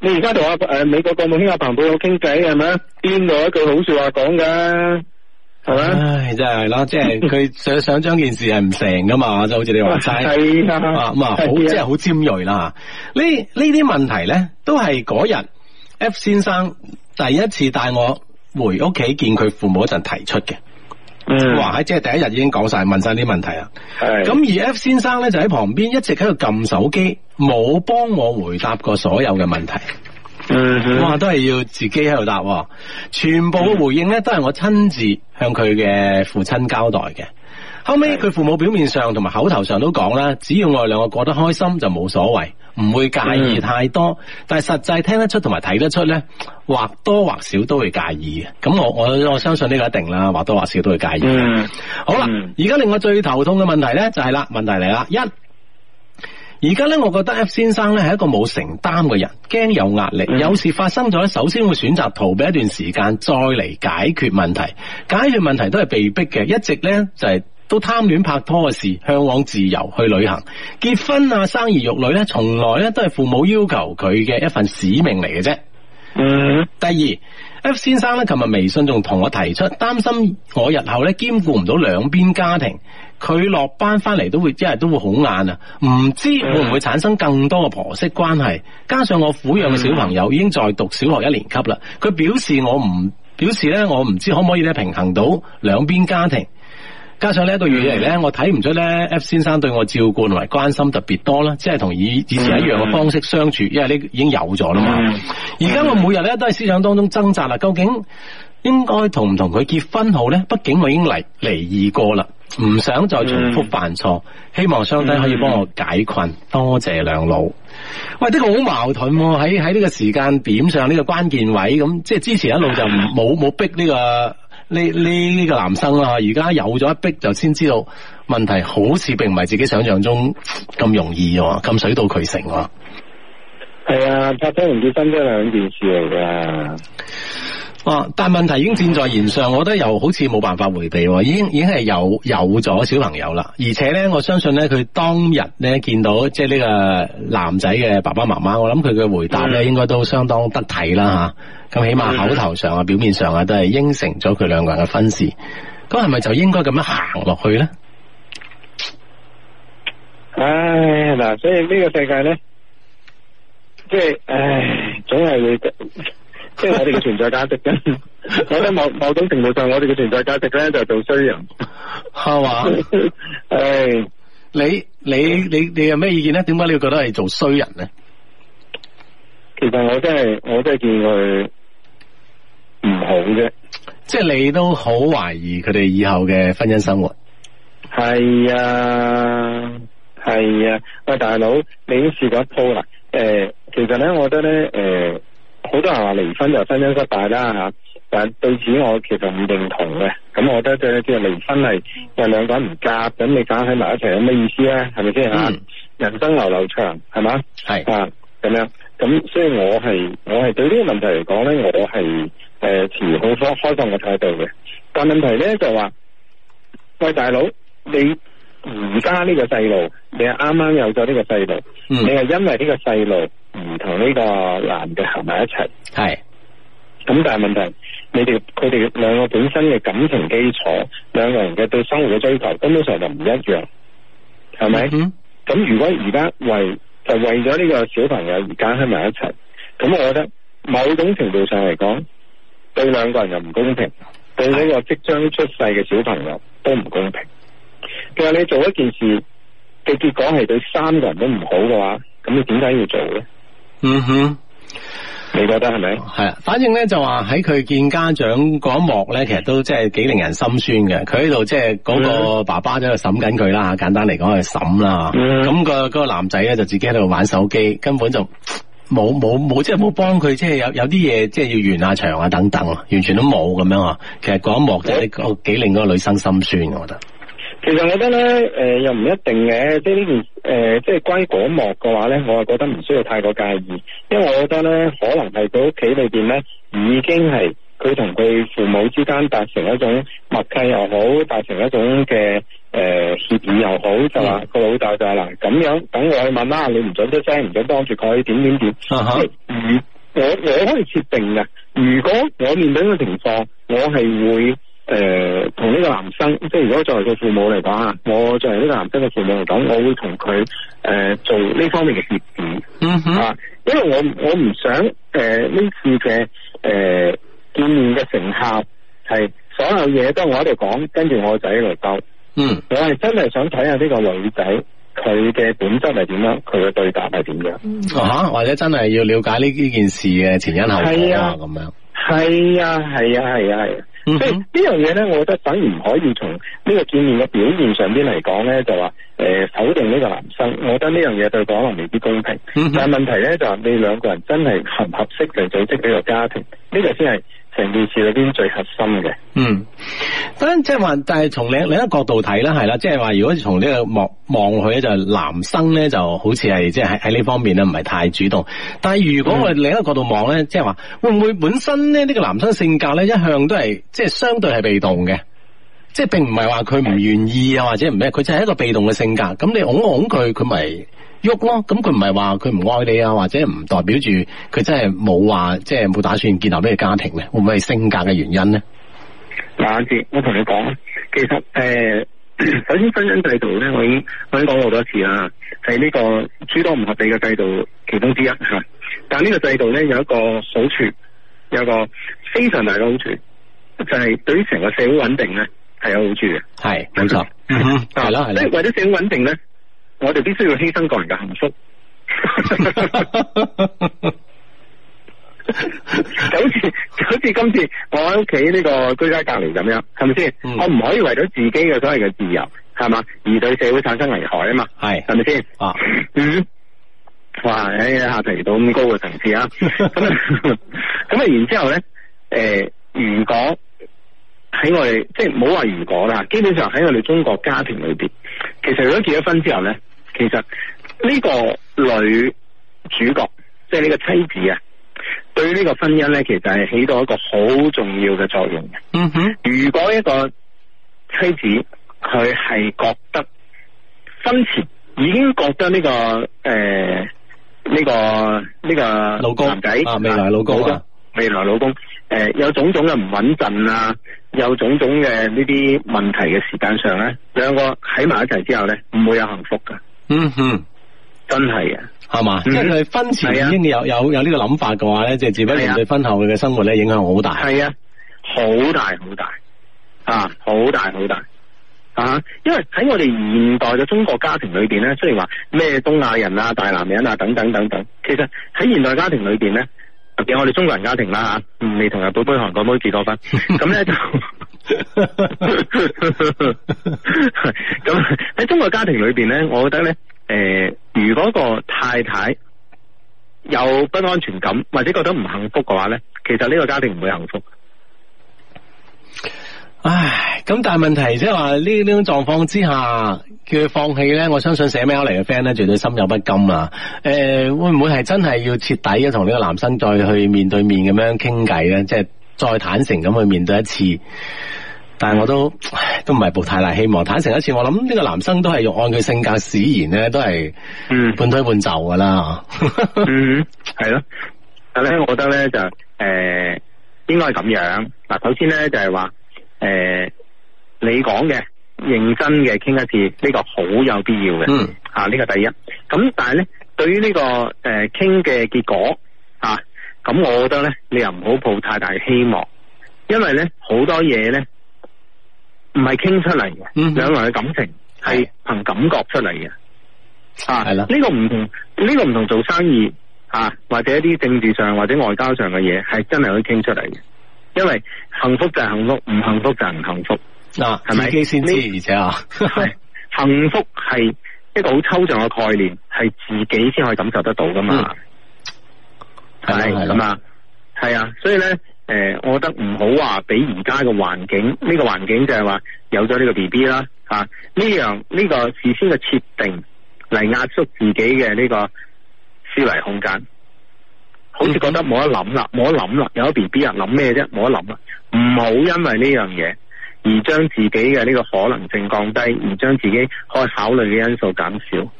你而家同阿誒美國國務卿阿彭博有傾偈係咪？邊度一句好話說話講噶係咪？唉，真係咯，即係佢想想將件事係唔成噶嘛， 就好似你話齋係啊，咁啊，啊，啊好啊，即係好尖銳啦。呢呢啲問題咧，都係嗰日 F 先生第一次帶我回屋企見佢父母嗰陣提出嘅。哇！喺即係第一日已經講晒，問晒啲問題啊，係咁而 F 先生咧就喺旁邊一直喺度撳手機，冇幫我回答過所有嘅問題，嗯。哇！都係要自己喺度答，全部嘅回應咧都係我親自向佢嘅父親交代嘅。後尾，佢父母表面上同埋口頭上都講啦，只要我哋兩個過得開心就冇所謂，唔會介意太多。嗯、但係實際聽得出同埋睇得出呢，或多或少都會介意嘅。咁我我相信呢個一定啦，或多或少都會介意。或或介意，嗯、好啦，而家令我最頭痛嘅問題呢，就係、是、啦，問題嚟啦，一而家呢，現在我覺得 F 先生呢係一個冇承擔嘅人，驚有壓力，嗯、有事發生咗，首先會選擇逃避一段時間，再嚟解決問題。解決問題都係被逼嘅，一直呢就係、是。都貪戀拍拖嘅事，向往自由去旅行。結婚啊，生兒育女呢，從來呢都係父母要求佢嘅一份使命嚟嘅啫。嗯。第二，F 先生呢，琴日微信仲同我提出擔心，我日後呢兼顧唔到兩邊家庭。佢落班翻嚟都會，一日都會好晏啊，唔知會唔會產生更多嘅婆媳關係。加上我撫養嘅小朋友已經在讀小學一年級啦，佢表示我唔表示呢，我唔知可唔可以咧平衡到兩邊家庭。加上呢一個月嚟呢、嗯，我睇唔出呢。F 先生對我照顧同埋關心特別多啦，即係同以以前一樣嘅方式相處，嗯、因為呢已經有咗啦嘛。而、嗯、家我每日呢，都喺思想當中掙扎啦，究竟應該同唔同佢結婚好呢？畢竟我已經嚟離異過啦，唔想再重複犯錯，嗯、希望雙爹可以幫我解困、嗯。多謝兩老。喂，呢、呢個好矛盾喎！喺喺呢個時間點上，呢、呢個關鍵位咁，即係之前一路就冇冇、嗯、逼呢、呢個。呢呢個男生啦、啊，而家有咗一逼，就先知道問題，好似並唔係自己想象中咁容易喎，咁水到渠成喎、啊。係啊，拍拖唔結婚都係兩件事嚟噶。哦、啊，但係問題已經箭在弦上，我覺得又好似冇辦法回避，已經已經係有有咗小朋友啦。而且呢，我相信呢，佢當日呢見到即係呢個男仔嘅爸爸媽媽，我諗佢嘅回答呢應該都相當得體啦吓。嗯咁起碼口頭上啊、表面上啊都係應承咗佢兩個人嘅婚事，咁係咪就應該咁樣行落去咧？唉，嗱，所以呢個世界咧，即係唉，總係會即係我哋嘅存在價值。咁 喺某某種程度上，我哋嘅存在價值咧就係做衰人，係嘛？唉， 你你你你有咩意見咧？點解你覺得係做衰人咧？其實我真係，我真係見佢。唔好嘅，即係你都好懷疑佢哋以後嘅婚姻生活。係啊，係啊，喂，大佬，你都試過一鋪啦。誒、呃，其實咧，我覺得咧，誒、呃，好多人話離婚就婚姻失敗啦吓，但係對此我其實唔認同嘅。咁我覺得即即係離婚係，有、就是、兩個人唔夾，咁你揀喺埋一齊有咩意思咧？係咪先吓？人生流流長，係嘛？係啊，咁樣，咁所以我係，我係對呢個問題嚟講咧，我係。誒，持好方開放嘅態度嘅，但問題咧就話，喂，大佬，你而家呢個細路，你係啱啱有咗呢個細路、嗯，你係因為呢個細路唔同呢個男嘅行埋一齊，係，咁但係問題，你哋佢哋兩個本身嘅感情基礎，兩個人嘅對生活嘅追求，根本上就唔一樣，係咪？咁、嗯、如果而家為就為咗呢個小朋友而家喺埋一齊，咁我覺得某種程度上嚟講，對兩個人又唔公平，對呢個即將出世嘅小朋友都唔公平。其實你做一件事嘅結果係對三個人都唔好嘅話，咁你點解要做咧？嗯哼，你覺得係咪？係啊，反正咧就話喺佢見家長嗰一幕咧，其實都即係幾令人心酸嘅。佢喺度即係嗰個爸爸喺度審緊佢啦，簡單嚟講係審啦。咁個、嗰個男仔咧就自己喺度玩手機，根本就。冇冇冇，即係冇幫佢，即係有有啲嘢，即係要完下場啊等等咯，完全都冇咁樣啊，其實嗰一幕真係個幾令嗰個女生心酸，我覺得其實我覺得咧，誒、呃、又唔一定嘅、呃，即係呢件，誒即係關於嗰一幕嘅話咧，我係覺得唔需要太過介意，因為我覺得咧可能係佢屋企裏邊咧已經係佢同佢父母之間達成一種默契又好，達成一種嘅。誒，協議又好，就話個、嗯、老豆就係、是、嗱，咁樣等我去問啦，你唔准出聲，唔准幫住佢點點點。吓、啊、我,我可以設定嘅，如果我面對呢個情況，我係會誒同呢個男生，即係如果作為個父母嚟講啊，我作為呢個男生嘅父母嚟講，我會同佢誒做呢方面嘅協議。嗯啊，因為我我唔想誒呢、呃、次嘅誒、呃、見面嘅成效係所有嘢都係我喺度講，跟住我仔嚟鬥。嗯，我係真係想睇下呢個女仔佢嘅本質係點樣，佢嘅對答係點樣，吓、嗯啊、或者真係要了解呢呢件事嘅前因後果啊咁樣，係啊係啊係啊係，即係呢樣嘢咧，啊嗯這個、我覺得反而唔可以從呢個見面嘅表面上邊嚟講咧，就話誒、呃、否定呢個男生，我覺得呢樣嘢就可能未必公平，嗯、但係問題咧就係、是、你兩個人真係合唔合適嚟組織呢個家庭，呢、這個先係。成件事裏邊最核心嘅，嗯，當然即係話，但係從另另一個角度睇啦，係啦，即係話，如果從呢個望望去咧，就男生咧就好似係即係喺喺呢方面咧，唔係太主動。但係如果我哋另一個角度望咧，即係話，會唔會本身咧呢個男生性格咧，一向都係即係相對係被動嘅，即係並唔係話佢唔願意啊，或者唔咩，佢就係一個被動嘅性格。咁你哄啊哄佢，佢咪。喐咯，咁佢唔係話佢唔愛你啊，或者唔代表住佢真係冇話，即係冇打算建立咩家庭咧？會唔會係性格嘅原因咧？嗱，阿志，我同你講，其實誒、呃，首先婚姻制度咧，我已經我已經講好多次啦，係呢個諸多唔合理嘅制度其中之一。但係呢個制度咧有一個好處，有一個非常大嘅好處，就係對於成個社會穩定咧係有好處嘅。係冇錯，係咯係啦。即係為咗社會穩定咧。我哋必須要犧牲個人嘅幸福 就好似，就好似好似今次我喺屋企呢個居家隔離咁樣，係咪先？嗯、我唔可以為咗自己嘅所謂嘅自由，係嘛，而對社會產生危害啊嘛，係，係咪先？啊，嗯，哇，喺、哎、下提到咁高嘅層次啊，咁 啊， 咁、呃、啊，然之後咧，誒，如果喺我哋即係唔好話如果啦，基本上喺我哋中國家庭裏邊，其實如果結咗婚之後咧。其實呢個女主角，即係呢個妻子啊，對呢個婚姻咧，其實係起到一個好重要嘅作用嘅。嗯哼，如果一個妻子佢係覺得婚前已經覺得呢、呢個誒呢、呃呢個呢、呢個男老公仔、啊、未來老公、啊、老公，未來老公誒、呃，有種種嘅唔穩陣啊，有種種嘅呢啲問題嘅時間上咧，兩個喺埋一齊之後咧，唔會有幸福噶。嗯嗯，真係啊，係嘛、嗯，即係佢婚前已經有、啊、有有呢個諗法嘅話咧，即係自不然對婚後嘅生活咧影響好大，係啊，好大好大啊，好大好大啊，因為喺我哋現代嘅中國家庭裏邊咧，雖然話咩東亞人啊、大男人啊等等等等，其實喺現代家庭裏邊咧，尤其我哋中國人家庭啦吓，未同日本妹、韓國妹結過婚，咁 咧就。咁 喺中國家庭裏邊咧，我覺得咧，誒、呃，如果個太太有不安全感或者覺得唔幸福嘅話咧，其實呢個家庭唔會幸福。唉，咁但係問題即係話呢呢種狀況之下，叫佢放棄咧，我相信寫 email 嚟嘅 friend 咧，絕對心有不甘啊。誒、呃，會唔會係真係要徹底嘅同呢個男生再去面對面咁樣傾偈咧，即係。再坦誠咁去面對一次，但係我唉都都唔係抱太大希望。坦誠一次，我諗呢個男生都係用按佢性格使然咧，都係嗯半推半就噶啦。嗯，係 咯、嗯。但係咧，我覺得咧就誒應該係咁樣。嗱，首先咧就係話誒你講嘅認真嘅傾一次，呢個好有必要嘅。嗯。啊，呢個第一。咁但係咧，對於呢個誒傾嘅結果。咁我覺得咧，你又唔好抱太大希望，因為咧好多嘢咧唔係傾出嚟嘅，兩個人嘅感情係憑感覺出嚟嘅，啊係啦。呢個唔同呢個唔同做生意啊，或者一啲政治上或者外交上嘅嘢係真係可以傾出嚟嘅，因為幸福就係幸福，唔幸福就係唔幸福，嗱、啊，自己先知，而且啊，幸福係一個好抽象嘅概念，係自己先可以感受得到噶嘛。嗯係咁啊，係啊，所以咧，誒、呃，我覺得唔好話俾而家嘅環境，呢個環境就係話有咗呢個 BB 啦，吓呢樣呢個事先嘅設定嚟壓縮自己嘅呢個思維空間，好似覺得冇得諗啦，冇得諗啦，有咗 BB 啊諗咩啫，冇得諗啦，唔好因為呢樣嘢而將自己嘅呢個可能性降低，而將自己可以考慮嘅因素減少，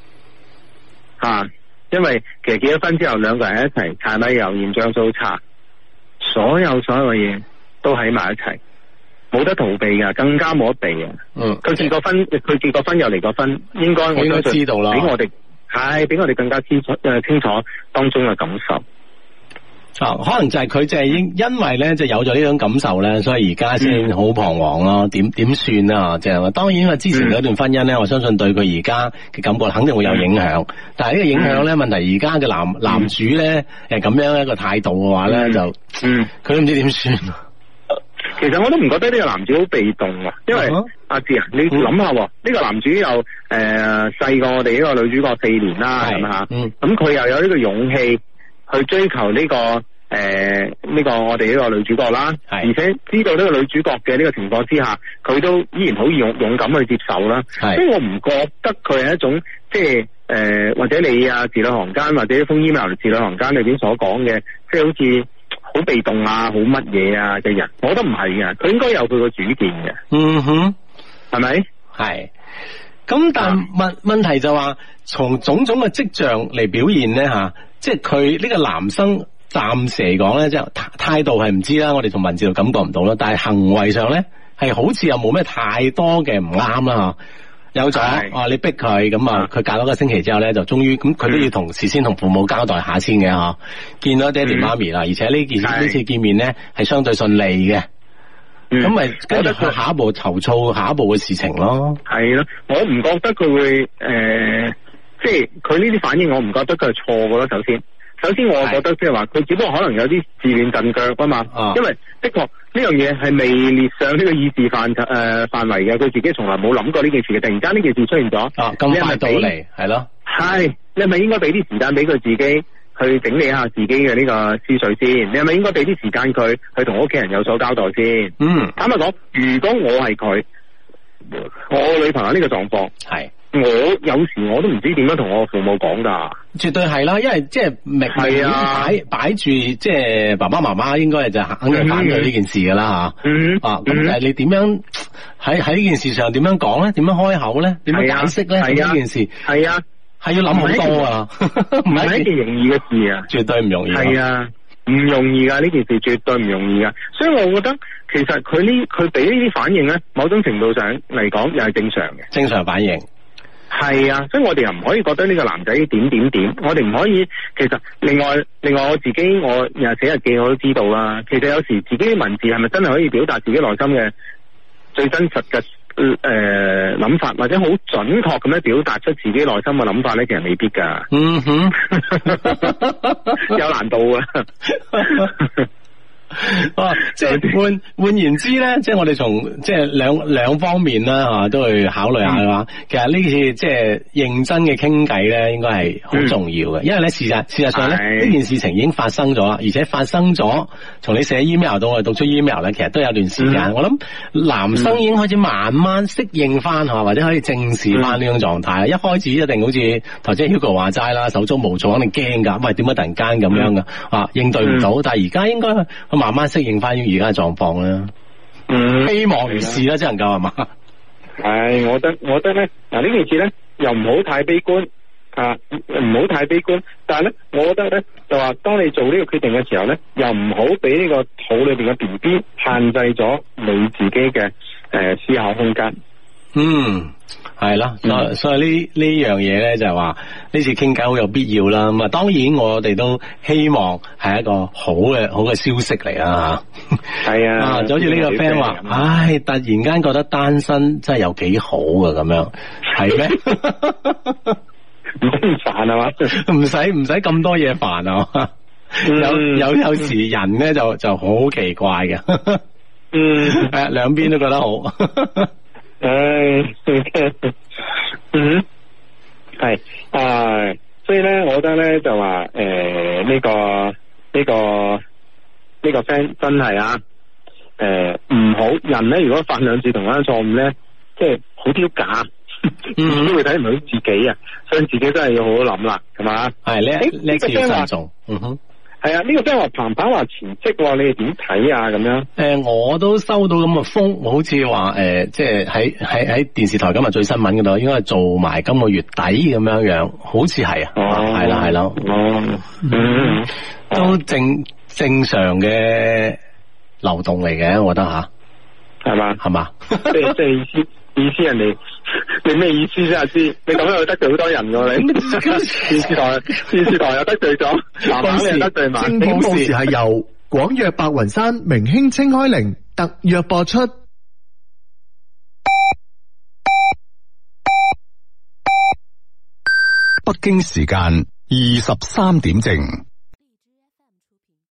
吓、啊。因為其實結咗婚之後，兩個人一齊，柴米油鹽醬醋茶，所有所有嘅嘢都喺埋一齊，冇得逃避噶，更加冇得避啊！嗯，佢結過婚，佢結過婚又離過婚，應該我都知道啦，比我哋係比我哋更加清楚誒、呃、清楚當中嘅感受。哦、可能就係佢就係因因為咧，就有咗呢種感受咧，所以而家先好彷徨咯。點、嗯、點算啊？即、就、係、是、當然，我之前嗰段婚姻咧、嗯，我相信對佢而家嘅感覺肯定會有影響、嗯。但係呢個影響咧、嗯，問題而家嘅男男主咧，誒、嗯、咁樣一個態度嘅話咧、嗯，就嗯佢都唔知點算、啊、其實我都唔覺得呢個男主好被動啊。因為阿志啊，啊你諗下呢個男主又誒細過我哋呢個女主角四年啦，係咪？咁佢、嗯、又有呢個勇氣。去追求呢、呢個誒呢、呃呢個我哋呢個女主角啦，而且知道呢個女主角嘅呢個情況之下，佢都依然好勇勇敢去接受啦。係，所以我唔覺得佢係一種即係誒、呃、或者你啊字裏行間或者封 email 字裏行間裏邊所講嘅，即係好似好被動啊好乜嘢啊嘅人，我覺得唔係噶，佢應該有佢個主見嘅。嗯哼是，係咪？係。咁但問問題就話、是，從種種嘅跡象嚟表現咧吓，即係佢呢個男生暫時嚟講咧，即係態度係唔知啦，我哋同文字就感覺唔到啦。但係行為上咧，係好似又冇咩太多嘅唔啱啦吓。有咗、啊、你逼佢咁啊，佢隔咗個星期之後咧，就終於咁，佢都要同事、嗯、先同父母交代下先嘅吓，見咗爹哋、嗯、媽咪啦，而且呢件事呢次見面咧係相對順利嘅。咁咪覺得佢下一步投訴下一步嘅事情咯？係咯，我唔覺得佢會誒、呃，即係佢呢啲反應，我唔覺得佢係錯嘅咯。首先，首先我覺得即係話佢只不過可能有啲自亂陣腳嘛啊嘛。因為的確呢樣嘢係未列上呢個議事範誒、呃、範圍嘅，佢自己從來冇諗過呢件事嘅，突然間呢件事出現咗啊，咁快到嚟係咯，係你係咪應該俾啲時間俾佢自己？去整理下自己嘅呢個思緒先，你係咪應該俾啲時間佢去同屋企人有所交代先？嗯，坦白講，如果我係佢，我女朋友呢個狀況係，我有時我都唔知點樣同我父母講噶絕對係啦，因為即係明擺擺住，即係、啊、爸爸媽媽應該就肯定反對呢件事噶啦吓，啊，咁誒，你點樣喺喺呢件事上點樣講咧點樣開口咧點、啊、樣解釋咧呢、啊、件事？係啊。是啊係要諗好多啊，唔係一件容易嘅事啊，絕對唔容易。係啊，唔容易噶呢件事，絕對唔容易噶。所以我覺得，其實佢呢，佢俾呢啲反應呢，某種程度上嚟講，又係正常嘅。正常反應係啊，所以我哋又唔可以覺得呢個男仔點點點，我哋唔可以。其實另外另外，我自己我又寫日記我都知道啦。其實有時自己的文字係咪真係可以表達自己內心嘅最真實嘅？誒、嗯，諗、呃、法或者好準確咁樣表達出自己內心嘅諗法咧，其實未必㗎。嗯哼， 有難度啊！ 哦， 即係換換言之咧，即、就、係、是、我哋從即係兩兩方面啦、啊、吓，都去考慮下嘅話、嗯，其實呢次即係、就是、認真嘅傾偈咧，應該係好重要嘅、嗯，因為咧事實事實上咧呢件事情已經發生咗啦，而且發生咗，從你寫 email 到我哋讀出 email 咧，其實都有段時間、嗯。我諗男生已經開始慢慢適應翻吓、嗯，或者可以正視翻呢種狀態、嗯。一開始一定好似頭先 Hugo 話齋啦，手足無措，肯定驚噶，咁啊點解突然間咁樣噶、嗯、啊？應對唔到、嗯，但係而家應該。慢慢適應翻依而家嘅狀況啦，希望試是啦，只能夠係嘛？係 哎，我覺得，我覺得咧，嗱呢件事咧，又唔好太悲觀啊，唔好太悲觀。但係咧，我覺得咧，就話當你做呢個決定嘅時候咧，又唔好俾呢個肚裏邊嘅 BB 限制咗你自己嘅誒思考空間。嗯，係啦，所、mm -hmm. 所以呢呢樣嘢咧就係話呢次傾偈好有必要啦。咁啊，當然我哋都希望係一個好嘅好嘅消息嚟啦吓，係、mm -hmm. 啊，就好似呢個 friend 話，唉、哎，突然間覺得單身真係有幾好㗎、啊。」咁樣，係 咩是嗎？唔咁煩嘛？唔使唔使咁多嘢煩啊！Mm -hmm. 有有有時人咧就就好奇怪嘅。嗯，誒，兩邊都覺得好。 唉、 嗯，嗯，係、啊，所以咧，我覺得咧就話，誒、呃，這個這個這個 fan, 呃、呢個呢個呢個 friend 真係啊，誒，唔好人咧，如果犯兩次同樣錯誤咧，即係好丟架，嗯， 都會睇唔到自己啊，所以自己真係要好好諗啦，係嘛，係、嗯、叻，叻嘅 friend 做，嗯哼。係啊，呢個即係話彭彭話辭職喎，你哋點睇啊？咁樣？誒，我都收到咁嘅風，好似話誒，即係喺喺喺電視台今日最新聞嗰度應該係做埋今個月底咁樣樣，好似係、哦、啊，係啦係啦，都正正常嘅流動嚟嘅，我覺得吓，係嘛係嘛。 意思，意思啊，你你咩意思啫？阿 師？你咁樣又得罪好多人噶你，電視台電視台又得罪咗，慢啲，慢啲，慢啲。本報時係由廣藥白雲山、明興清開靈特約播出。北京時間二十三點正。